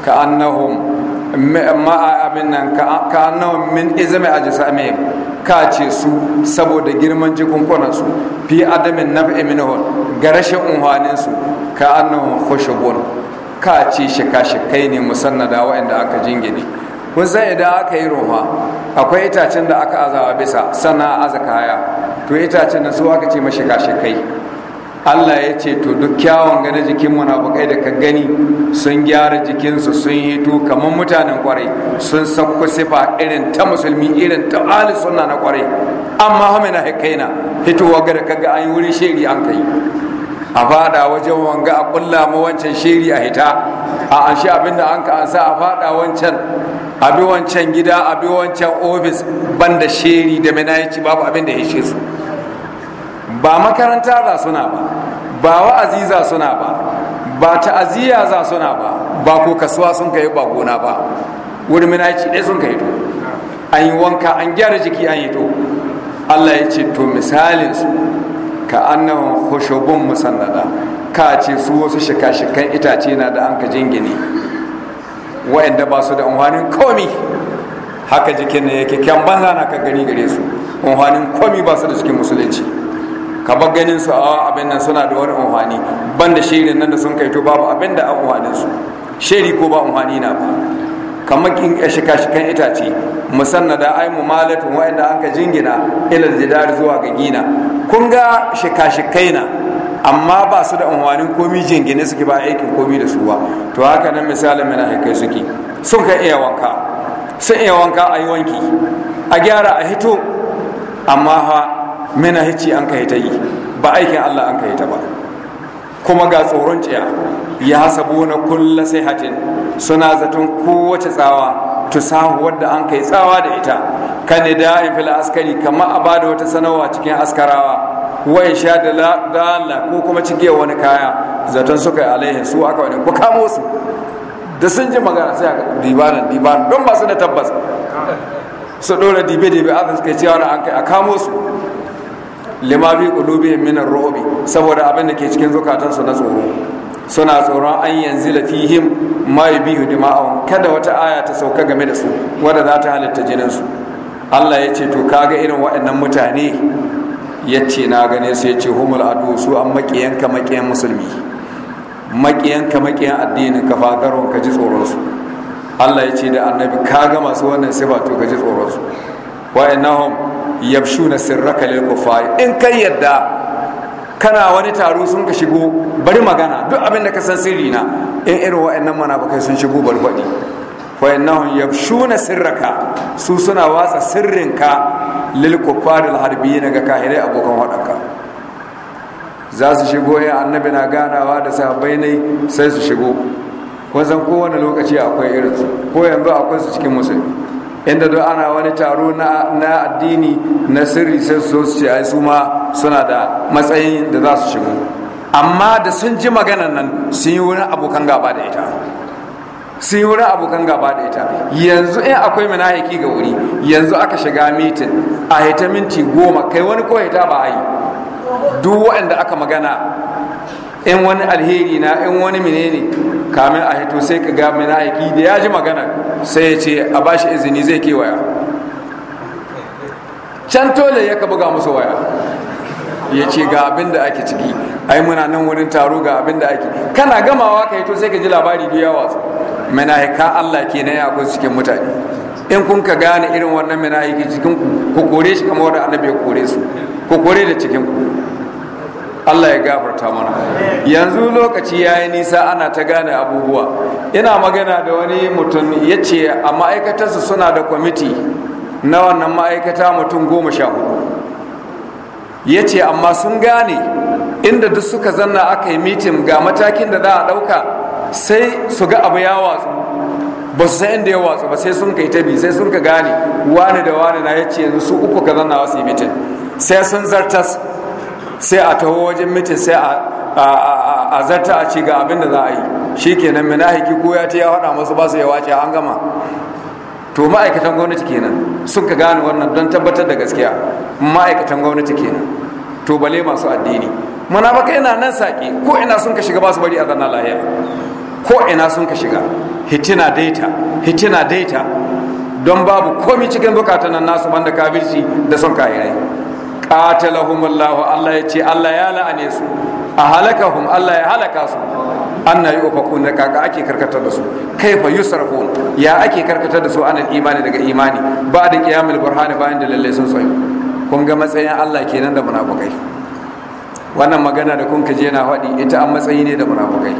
ka annahum ma abin nan ka nawa min izami a jisamihim ka ce su saboda girman kwanansu fi adamin naf'i minhum ga rashin unhwaninsu ka annahum khushubun ka ce shika kai ne da waɗanda aka jingine kun san idan aka yi ruwa akwai itacen da aka azawa bisa sannan aza kaya to itacen na su aka ce mashika kai. Allah ya ce to duk kyawun gane jikin munafukai da ka gani sun gyara jikinsu sun hito kamar mutanen kwarai sun sakku sifa irin ta musulmi irin ta ali sunna na kwarai amma hamina na, hitowa ga da kaga an yi wurin shiri an kai a fada wajen wanga a kulla mu wancan shiri a hita a an shi da an ka an sa a fada wancan abi wancan gida abi wancan ofis banda shiri da mina babu abin da ya shi su ba makaranta za suna ba ba wa'azi za suna ba ba ta'aziyya za suna ba ba ko kasuwa sun kai ba gona ba wurin minaci ɗaya sun kai to an yi wanka an gyara jiki an yi to Allah ya ce to misalin su ka annahu khushubun musannada ka ce su wasu shika-shikan itace na da an ka jingine wa'anda ba su da amfanin komi haka jikin ne yake kyan banza na ka gani gare su amfanin komi ba su da cikin musulunci ka bar ganin su a abin nan suna da wani umhani banda shirin nan da sun kai to babu abin da an umhanin su shiri ko ba umhani na ba kamar kin shika shikan itace musannada ai malatu wa'anda an ka jingina ila jidar zuwa ga gina kun ga shika shikaina na amma ba su da amfanin komi jingine suke ba aikin komi da su ba to haka nan misalin mana haikai suke sun kan iya wanka sun iya wanka a yi wanki a gyara a hito amma ha mina hici an kai ta yi ba aikin Allah an kai ta ba kuma ga tsoron tsaya ya hasabu na kulla sai hatin suna zaton kowace tsawa tusahu wadda an kai tsawa da ita kan da'in fil askari kamar a bada wata sanarwa cikin askarawa in sha da la ko kuma cike wani kaya zaton suka yi alaihin su aka wani ku kamo su da sun ji magana sai aka dibanan dibanan don ba su da tabbas su dora dibe dibe aka suka yi cewa an kai a kamo su lima bi minan min ar-ru'bi saboda abin da ke cikin zukatansu na tsoro suna tsoron an yanzu lafihim ma yubihu dima'ahum kada wata aya ta sauka game da su wanda za ta halitta jinin su Allah ya ce to kaga irin waɗannan mutane ya ce na gane su ya ce humul adu su an ka maƙiyan musulmi ka maƙiyan addinin ka fagaron ka ji tsoron su Allah ya ce da annabi kaga masu wannan sifa to ka ji tsoron su wa'annahum yabshuna sirraka lil kufari in kai yadda kana wani taro sun ka shigo bari magana duk abin da ka san sirri na in irin wa'annan munafikai sun shigo barbadi faɗi fa na yabshuna sirraka su suna watsa sirrinka lil kufari al harbiyina ga kahirai abokan wadanka za su shigo ya annabi na ganawa da sahabbai ne sai su shigo kun san kowane lokaci akwai su ko yanzu akwai su cikin musulmi inda duk ana wani taro na addini na sirri sai su ce ai su ma suna da matsayin da za su shigo amma da sun ji maganan nan sun yi wurin abokan gaba da ita sun yi wurin abokan gaba da ita yanzu in akwai haiki ga wuri yanzu aka shiga mitin a hita minti goma kai wani ko hita ba a yi duk waɗanda aka magana in wani alheri na in wani menene kamin a hito sai ka ga mina aiki da ya ji magana sai ya ce a bashi izini zai kewaya can tole ya ka buga musu waya ya ce ga abin da ake ciki ai muna nan wurin taro ga abin da ake kana gamawa ka hito sai ka ji labari yawa. watsa minahika Allah na ya kun cikin mutane in kun ka gane irin wannan minahiki cikin ku ku kore shi kamar wanda annabi ya kore su ku kore da cikin ku Allah ya gafarta mana yanzu lokaci ya yi nisa ana ta gane abubuwa ina magana da wani mutum ya ce a ma'aikatarsa suna da kwamiti na wannan ma'aikata mutum goma sha hudu ya ce amma sun gane inda duk suka zanna aka yi mitin ga matakin da za a ɗauka sai su ga abu ya watsu ba su san inda ya watsu ba sai sun kai ta bi sai sun ka gane wani da wani na ya ce yanzu su uku ka zanna wasu yi mitin sai sun zartas sai a taho wajen mitin sai a zarta a ci ga abin da za a yi shi kenan haiki ko ya ce ya faɗa masu ba su ya wace an gama to ma'aikatan gwamnati kenan sun ka gane wannan don tabbatar da gaskiya ma'aikatan gwamnati kenan to bale masu addini baka yana nan saƙi ko ina sun ka shiga ba su bari a zanna lahiya ko ina sun ka shiga hitina daita hitina daita don babu komi cikin zukatan nasu banda kabirci da son kayayyaki qatalahumullahu Allah ya ce Allah ya la'ane su a halakahum Allah ya halaka su anna yufakun da kaka ake karkatar da su kaifa yusrafun ya ake karkatar da su anil imani daga imani ba da qiyamul burhani bayan da lalle sun tsayo kun ga matsayin Allah kenan da munafukai wannan magana da kun kaje na faɗi ita an matsayi ne da munafukai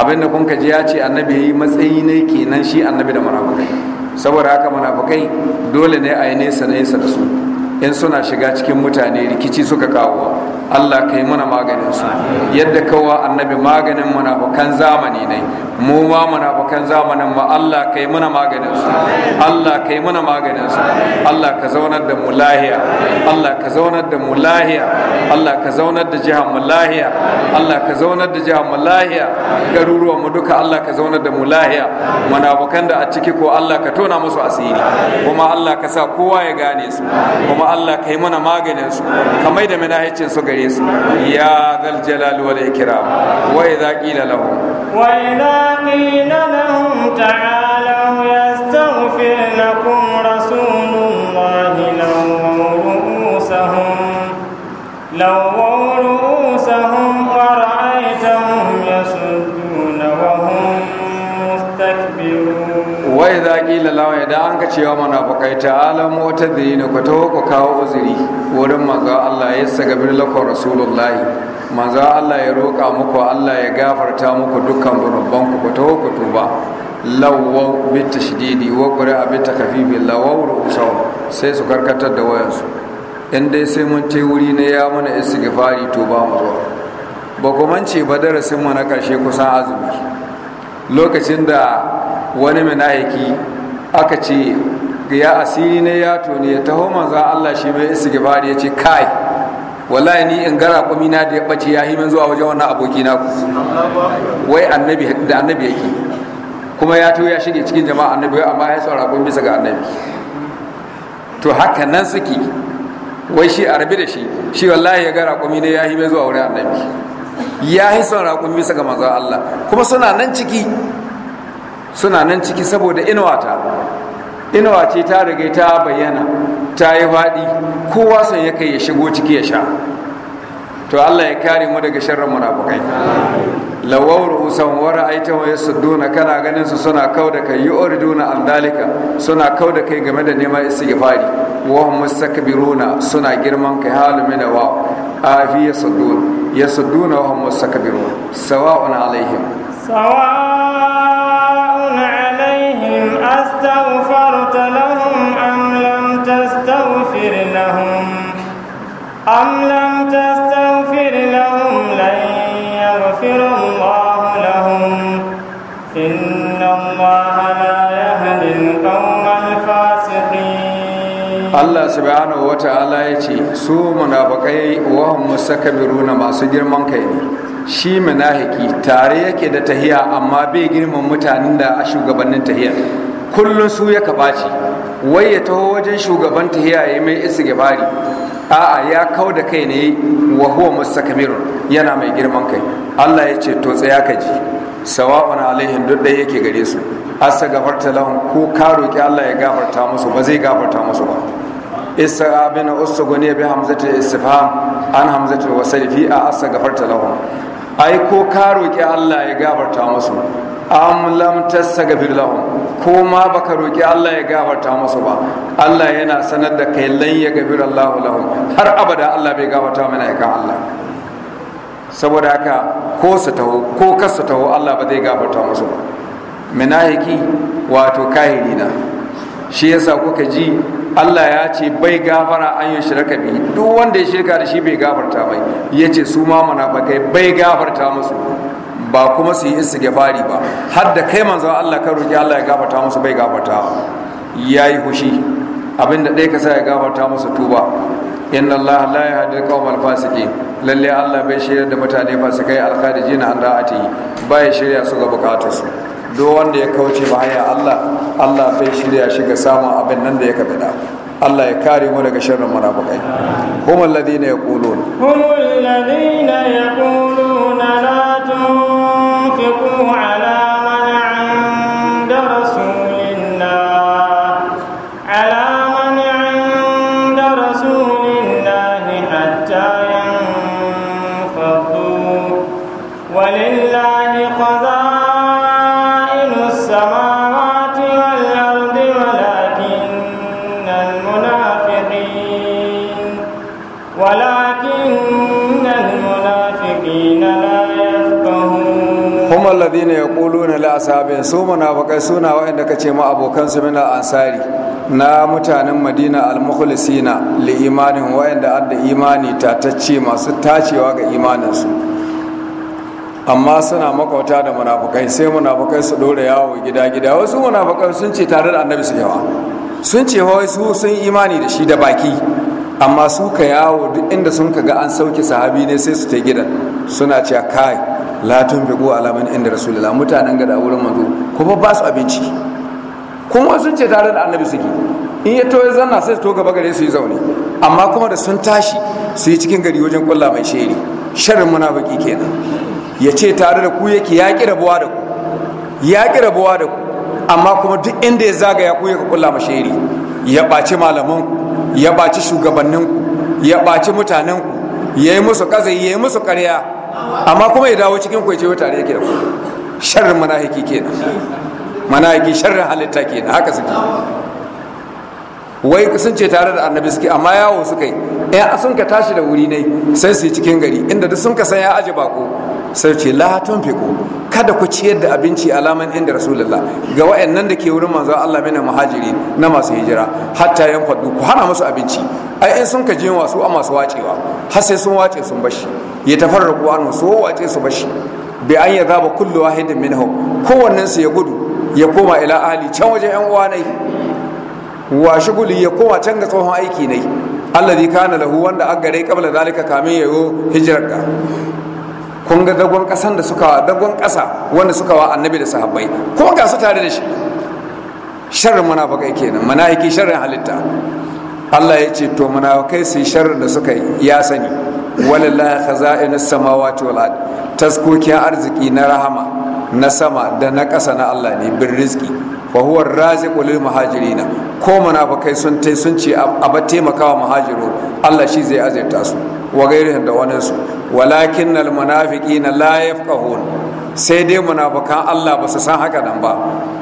abinda kun kaje ya ce annabi yayi matsayi ne kenan shi annabi da munafukai saboda haka munafukai dole ne a yi nesa nesa da su in suna shiga cikin mutane rikici suka kawo Allah ka yi mana maganin su yadda kawa annabi maganin munafukan zamani ne mu ma munafukan zamanin ma Allah ka yi mana maganin su Allah ka yi mana maganin su Allah ka zaunar da mu lahiya Allah ka zaunar da mu lahiya Allah ka zaunar da jihar mu lahiya Allah ka zaunar da jihar mu lahiya garuruwan mu duka Allah ka zaunar da mu lahiya munafukan da a ciki ko Allah ka tona musu asiri kuma Allah ka sa kowa ya gane su kuma Allah ka yi mana maganin su ka mai da manahicin su gari إبليس يا ذا الجلال والإكرام وإذا قيل لهم وإذا قيل لهم تعالوا يستغفر لكم رسول الله لو رؤوسهم لو ƙila lawa idan an ka cewa munafukai ta mota da yi ku ta ko kawo uzuri wurin manzo Allah ya saga bin lakon rasulullahi manzo Allah ya roƙa muku Allah ya gafarta muku dukkan burban ku taho ku tuba lawwa bi tashdidi wa qura'a bi takfifi lawwa sai su karkatar da wayansu in dai sai mun tai wuri ne ya mana istighfari to ba mu zuwa ba ku mance ba darasin mu na ƙarshe kusan azumi lokacin da wani mana'iki aka ce ya asiri ne ya toni ya taho manzan Allah shi mai istighfar ya ce kai wallahi ni in gara kwami na da ya bace ya himin zuwa wajen wannan aboki na wai annabi da annabi yake kuma ya to ya shige cikin jama'a annabi amma ya saura kun bisa ga annabi to haka nan suke wai shi a rabe da shi shi wallahi ya gara kwami ne ya himin zuwa wurin annabi ya yi saura kun bisa ga manzon Allah kuma suna nan ciki suna nan ciki saboda ta inuwa ce ta rage ta bayyana ta yi faɗi kowa sai ya kai ya shigo ciki ya sha to Allah ya kare mu daga sharrin munafukai lawawar usan wara aita wa yasudduna kana ganin su suna kau da kai yu'riduna an dalika suna kau da kai game da neman istighfari wa hum mustakbiruna suna girman kai halu min wa afi yasudduna yasudduna wa hum mustakbirun sawa'un alaihim sawa'un أم لم تستغفر لهم لن يغفر الله لهم إن الله لا يهدي القوم الفاسقين masu girman kai ne shi munafiki tare yake da tahiya amma bai girman mutanen da a shugabannin tahiyar kullum su ya kabaci wai ya taho wajen shugaban tahiya ya mai isi gabari a'a ya kau da kai ne wa huwa mustakbir yana mai girman kai Allah ya ce to tsaya ka ji sawa'un alaihim duk da yake gare su asa gafarta lahum ko ka roki Allah ya gafarta musu ba zai gafarta musu ba isa abin usuguni bi hamzati istifham an hamzati wasali fi a asa gafarta lahum ai ko ka roki Allah ya gafarta musu am lam tastaghfir lahum ko ma baka roki Allah ya gafarta musu ba Allah yana sanar da kai lan ya gafira Allah lahum har abada Allah bai gafarta mana ya Allah saboda haka ko su taho ko kas su taho Allah ba zai gafarta musu ba minahiki wato kahiri na shi yasa kuka ji Allah ya ce bai gafara an yi shirka bi duk wanda ya shirka da shi bai gafarta mai yace su ma munafikai bai gafarta musu ba kuma su yi fari ba har da kai manzo Allah ka roki Allah ya gafarta musu bai gafarta yayi hushi abinda dai ka sa ya gafarta musu tuba inna Allah la yahdi al-qawmal fasiqin lalle Allah bai shirya da mutane fasikai al-kharijina an da'ati bai shirya su ga bukatunsu Do wanda ya kauce ba haya Allah Allah bai shirya shi ga samun abin nan da ya kabida Allah ya kare mu daga sharrin munafikai humul ladina yaqulun humul ladina yaquluna asabin su munafikai suna waɗanda ka ce ma abokan su mina ansari na mutanen Madina al-mukhlisina li imanin waɗanda adda imani tatacce masu tacewa ga imanin su amma suna makauta da munafukai sai munafukai su dora yawo gida-gida wasu munafukai sun ce tare da annabi su yawa sun ce wai su sun imani da shi da baki amma su ka yawo duk inda sun ka ga an sauke sahabi ne sai su ta gidan suna cewa kai la tunfiqu ala man inda rasulillah mutanen gada wurin manzo ko ba su abinci kuma sun ce tare da annabi suke in ya toye zanna sai su to gaba su yi zaune amma kuma da sun tashi su yi cikin gari wajen kulla mai sheri sharrin munafiki kenan ya ce tare da ku yake ya rabuwa da ku ya rabuwa da ku amma kuma duk inda ya zaga ya ku yake kulla mai sheri ya ɓaci malaman ku ya ɓaci shugabannin ku ya ɓaci mutanen ya yi musu kazayi ya yi musu karya amma kuma ya dawo cikin kwaice ya ce yake da ku sharrin manahiki kenan manahiki sharrin halitta kenan haka suke wai sun ce tare da annabi suke amma yawo suka yi ya sun ka tashi da wuri nai sai su yi cikin gari inda duk sun ka san ya aje bako sai ce la tunfiqu kada ku ciyar da abinci alaman inda rasulullah ga wayannan da ke wurin manzo Allah mina muhajiri na masu hijira hatta yan faddu ku hana musu abinci ai in sun ka je wasu a masu wacewa har sai sun wace sun bashi ya tafarraku an so wace su bashi bi an ya zaba kullu wahidin minhum kowannen su ya gudu ya koma ila ahli can wajen yan uwa nai wa shuguli ya koma can ga tsohon aiki nai alladhi kana lahu wanda aka gare kabla zalika kamin yayo hijrar ka kun ga dagon kasan da suka dagon kasa wanda suka wa annabi da sahabbai kuma ga su tare da shi sharrin munafikai kenan munafiki sharrin halitta Allah ya ce to munafikai su sharrin da suka yi ya sani walillahi as samawati wal ard taskokin arziki na rahama na sama da na ƙasa na Allah ne bin rizki wa huwa raziqu lil muhajirina ko munafikai sun tai sun ce a ba taimakawa muhajiru Allah shi zai azirta su wa gairi da wani su walakin al munafiqina la yafqahun sai dai munafikan Allah ba su san haka nan ba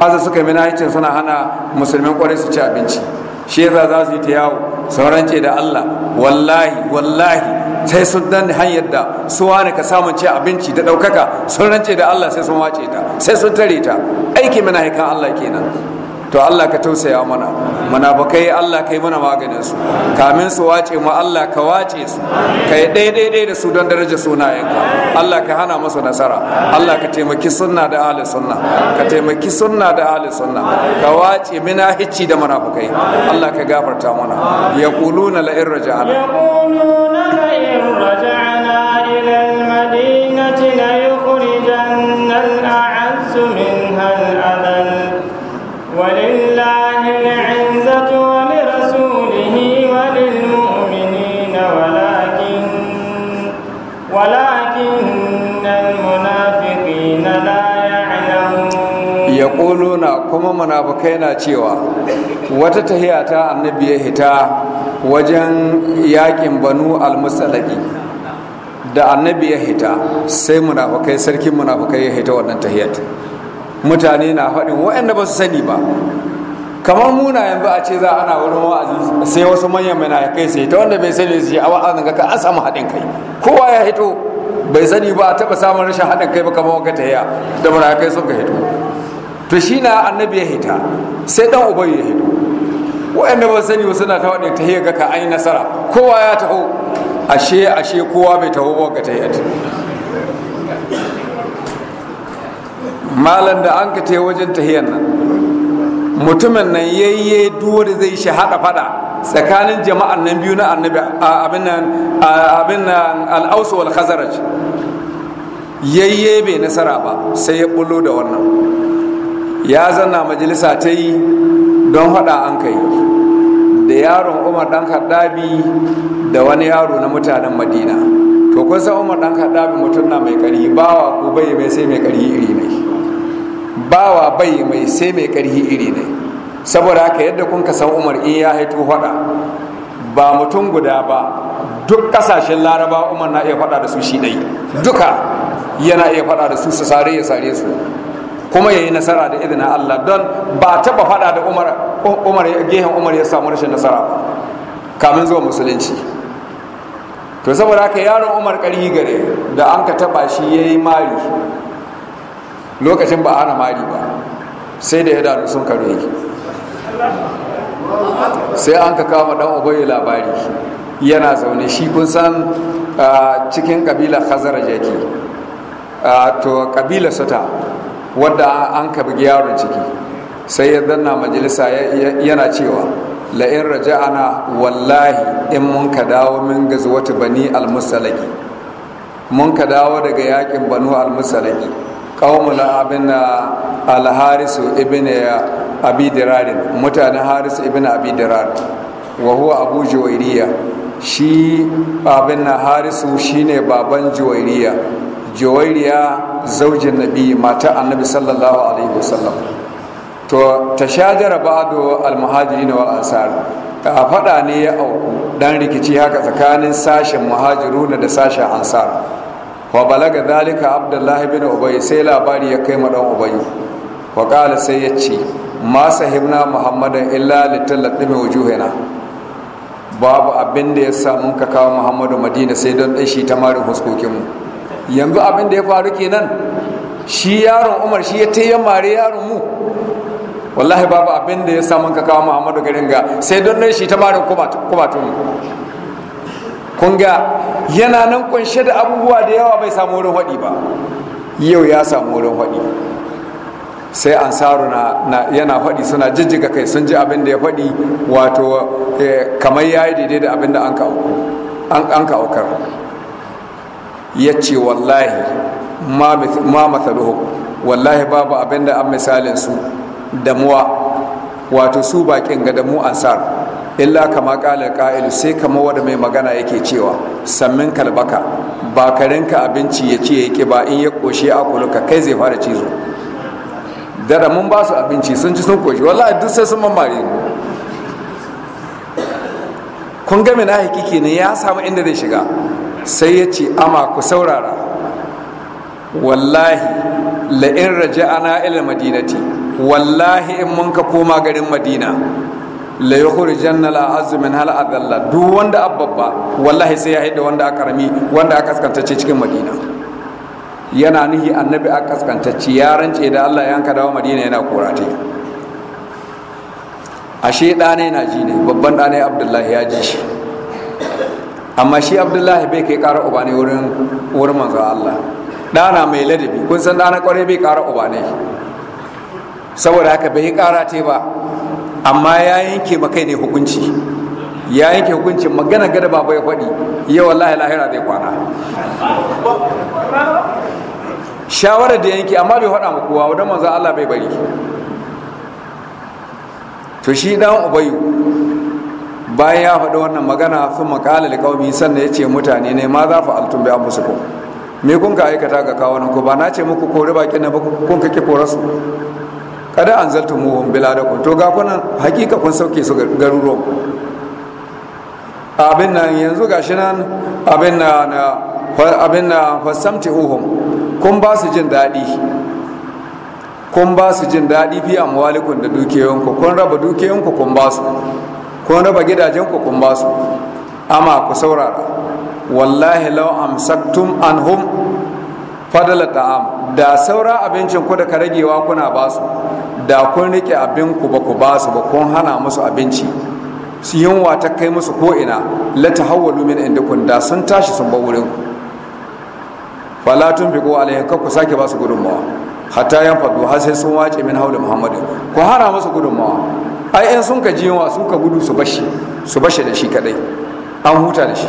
azu suka minahicin suna hana musulmin kwarai su ci abinci shi yasa za su yi ta yawo sauran ce da Allah wallahi wallahi sai sun dan hanyar da su wani ka samun ce abinci da ɗaukaka sauran ce da Allah sai sun wace ta sai sun tare ta aiki mana haikan Allah kenan to Allah ka tausaya mana munafukai Allah kai mana maganin su kamin su wace mu Allah ka wace su kai daidai da su don daraja sunayenka Allah ka hana musu nasara Allah ka taimaki sunna da ahli sunna ka taimaki sunna da ahli sunna ka wace mina hicci da munafukai. Allah ka gafarta mana yaquluna la in raja'ana yaquluna la in na kuma munafukai na cewa wata tahiya ta annabi ya hita wajen yakin banu almusalaki da annabi ya hita sai munafukai sarkin munafukai ya hita wannan tahiyar mutane na faɗin waɗanda ba su sani ba kamar muna yanzu a ce za ana wurin wa'azi sai wasu manyan mai na kai sai ta wanda bai sani su a wa'azin ka an samu haɗin kai kowa ya hito bai sani ba a taɓa samun rashin haɗin kai ba kamar wanka tahiya da kai sun ka hito to shi na annabi ya hita sai dan ubayu ya hito wa'anda ba sani ba suna ta waɗanda tahiyar ga ka an yi nasara kowa ya taho ashe ashe kowa bai taho ba ga tahiyar malam da an ka te wajen tahiyar nan mutumin nan yayye duwar zai shi hada fada tsakanin jama'an nan biyu na annabi abin nan abin nan al'ausu wal khazaraj yayye bai nasara ba sai ya bullo da wannan ya zanna majalisa ta yi don haɗa an kai da yaron umar ɗan haddabi da wani yaro na mutanen madina to kun san umar ɗan haddabi mutum na mai ƙarhi bawa ko bai mai sai mai ƙarhi iri ne bawa bai mai sai mai ƙarhi iri ne saboda haka yadda kun ka san umar in ya haitu haɗa ba mutum guda ba duk ƙasashen laraba umar na iya faɗa da su shi ɗai duka yana iya faɗa da su su sare ya sare su kuma ya yi nasara da izina Allah don ba taba fada da Umar Umar gehen Umar ya samu rashin nasara ba. kamin zuwa musulunci to saboda haka yaron Umar ƙarhi gare da an ka taba shi ya yi mari lokacin ba ana mari ba sai da ya dadu sun kare sai an ka kama dan ubayi labari yana zaune shi kun san ah, cikin kabila khazara jaki ah, to kabila sota wadda an ka bugi yaron ciki sai ya danna majalisa yana cewa la'in raja'ana wallahi in mun ka dawo min gazuwatu bani almusalaki mun ka dawo daga yakin banu almusalaki qaumul abin alharisu ibn abi mutanen harisu ibn abi dirar wa huwa abu juwairiya shi abin harisu shine baban juwairiya jawairiya zaujin nabi mata annabi sallallahu alaihi wasallam to ta shajara almuhajiri na wal ansar a faɗa ne ya auku dan rikici haka tsakanin sashen muhajiruna da sashen ansar wa balaga dalika abdullahi bin ubay sai labari ya kai ma dan ubay wa qala sai ya ce ma sahibna muhammadan illa bi wujuhina babu abin da ya samu ka kawo muhammadu madina sai don ɗashi ta marin huskokin mu yanzu abin da ya faru kenan shi yaron umar shi ya mare yaron mu wallahi babu abin da ya samun ka kawo muhammadu garin ga sai don nan shi ta barin kubatun kun yana nan kunshe da abubuwa da yawa bai samu wurin haɗi ba yau ya samu wurin haɗi sai ansaru na, yana faɗi suna jijjiga kai sun ji abin da ya faɗi wato eh, kamar ya yi daidai da abin da an ka aukar ya ce wallahi ma matsaluhu wallahi babu abin da an misalin su damuwa wato su bakin ga damu ansar illa kama kala ka'il sai kama wada mai magana yake cewa sammin kalbaka ba karinka abinci ya ce yake ba in ya koshe akuluka kai zai fara cizo dada mun ba su abinci sun ci sun koshi wallahi duk sai sun mamare kun ga mina hakiki ne ya samu inda zai shiga sai ya ce ama ku saurara wallahi la'in ana ila madinati wallahi in mun ka koma garin madina la yukhrijan la azumin min hal adalla duk wanda ababba wallahi sai ya haida wanda aka rami wanda aka kaskantacce cikin madina yana nuhi annabi aka kaskantacce ya rance da Allah yanka dawo madina yana ta ashe ɗane na ji ne babban ɗane abdullahi ya ji shi amma shi abdullahi bai kai ƙara uba ne wurin wurin manzon Allah dana mai ladabi kun san dana ƙwarai bai ƙara uba ne saboda haka bai yi ƙara te ba amma ya yanke makai ne hukunci ya yanke hukuncin magana gada ba bai faɗi ya wallahi lahira zai kwana shawarar da yanke amma bai faɗa ma kowa wadda manzon Allah bai bari to shi dan ubayu bayan ya faɗi wannan magana sun maƙalar ƙaumi sannan ya ce mutane ne ma za fa altun bai amfusu ko me kun ka aikata ga kawo ku ba na ce muku kori bakin na ba kun kake kora su kada an zalta muhun bila da kun to ga kunan hakika kun sauke su garuruwan abin nan yanzu gashi nan abin na abin na fasamti uhum kun ba su jin daɗi kun ba su jin daɗi fi amwalikun da dukiyoyinku kun raba dukiyoyinku kun ba su ko na ba gidajen ku kun ba su amma ku saurara wallahi law amsaktum anhum fadala ta'am da saura abincin ku da ka ragewa kuna ba su da kun rike abin ku ba ku ba su ba kun hana musu abinci su yunwa ta kai musu ko ina la tahawwalu min indikum da sun tashi sun ba wurin ku fala tunfiqu alaihim ka ku sake ba su gudunmawa hatta yan fadu har sai sun wace min haula muhammadin ku hana musu gudunmawa ai in sun ka jiwa sun ka gudu su bashi su bashi da shi kadai an huta da shi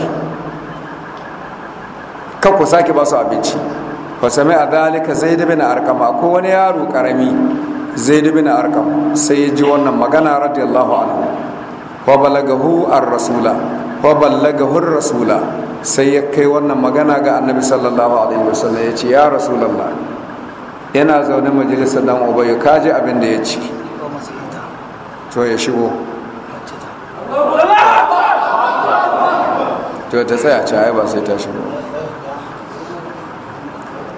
kan ku sake ba su abinci fa sami a dalika zai dabi na arkama ko wani yaro karami zai dabi na arkam sai ya ji wannan magana radiyallahu anhu wa balagahu ar rasula wa balagahu rasula sai ya kai wannan magana ga annabi sallallahu alaihi wasallam ya ce ya rasulullah yana zaune majalisar dan ubayu kaji abin da ya ci to ya shigo to ta tsaya caye ba sai ta shigo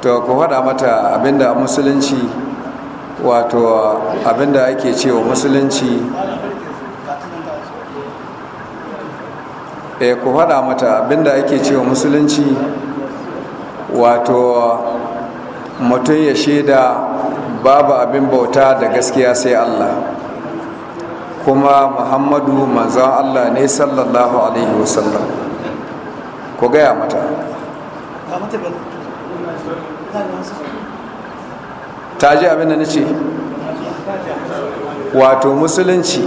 to ku hada mata abinda musulunci wato abinda ake cewa musulunci e ku hada mata abinda ake cewa musulunci wato mutum ya shaida babu abin bauta da gaskiya sai allah kuma muhammadu manzan allah ne sallallahu alaihi wasallam ku gaya mata ta ji abinda na ce wato musulunci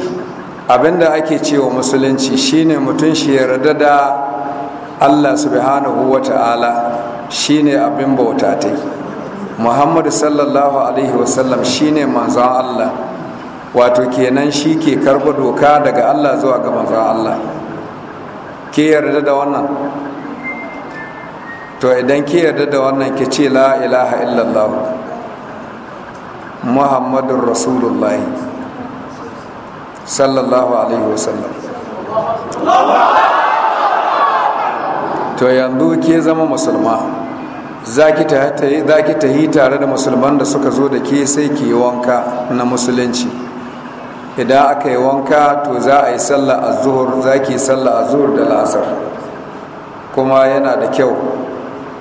abinda ake cewa musulunci shine mutum shi yarda da allah subhanahu wa ta'ala ne abin bauta ta muhammadu sallallahu alaihi wasallam shine manzan allah wato kenan shi ke karɓi doka daga allah zuwa ga manzan allah ke yarda da wannan to idan ke yarda da wannan ke ce la ilaha illallah muhammadun rasulullah sallallahu alaihi wasallam to yanzu ke zama musulma za ki ta yi tare da musulman da suka zo da ke sai ki yi wanka na musulunci idan aka yi wanka to za a yi sallah a zuhur za ki sallah a zuhur da lasar kuma yana da kyau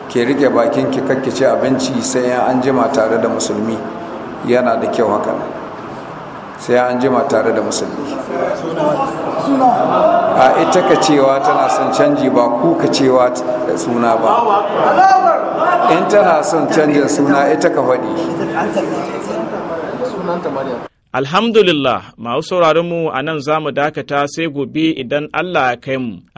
ke rike bakin ki kakkice abinci sai yan an jima tare da musulmi yana da kyau haka sai an jima tare da musulmi a ita ka cewa tana son canji ba ku ka cewa eh, suna ba in tana son canjin suna ita ka faɗi Alhamdulillah, masu sauraron mu a nan za mu dakata sai gobe idan Allah ya kai mu.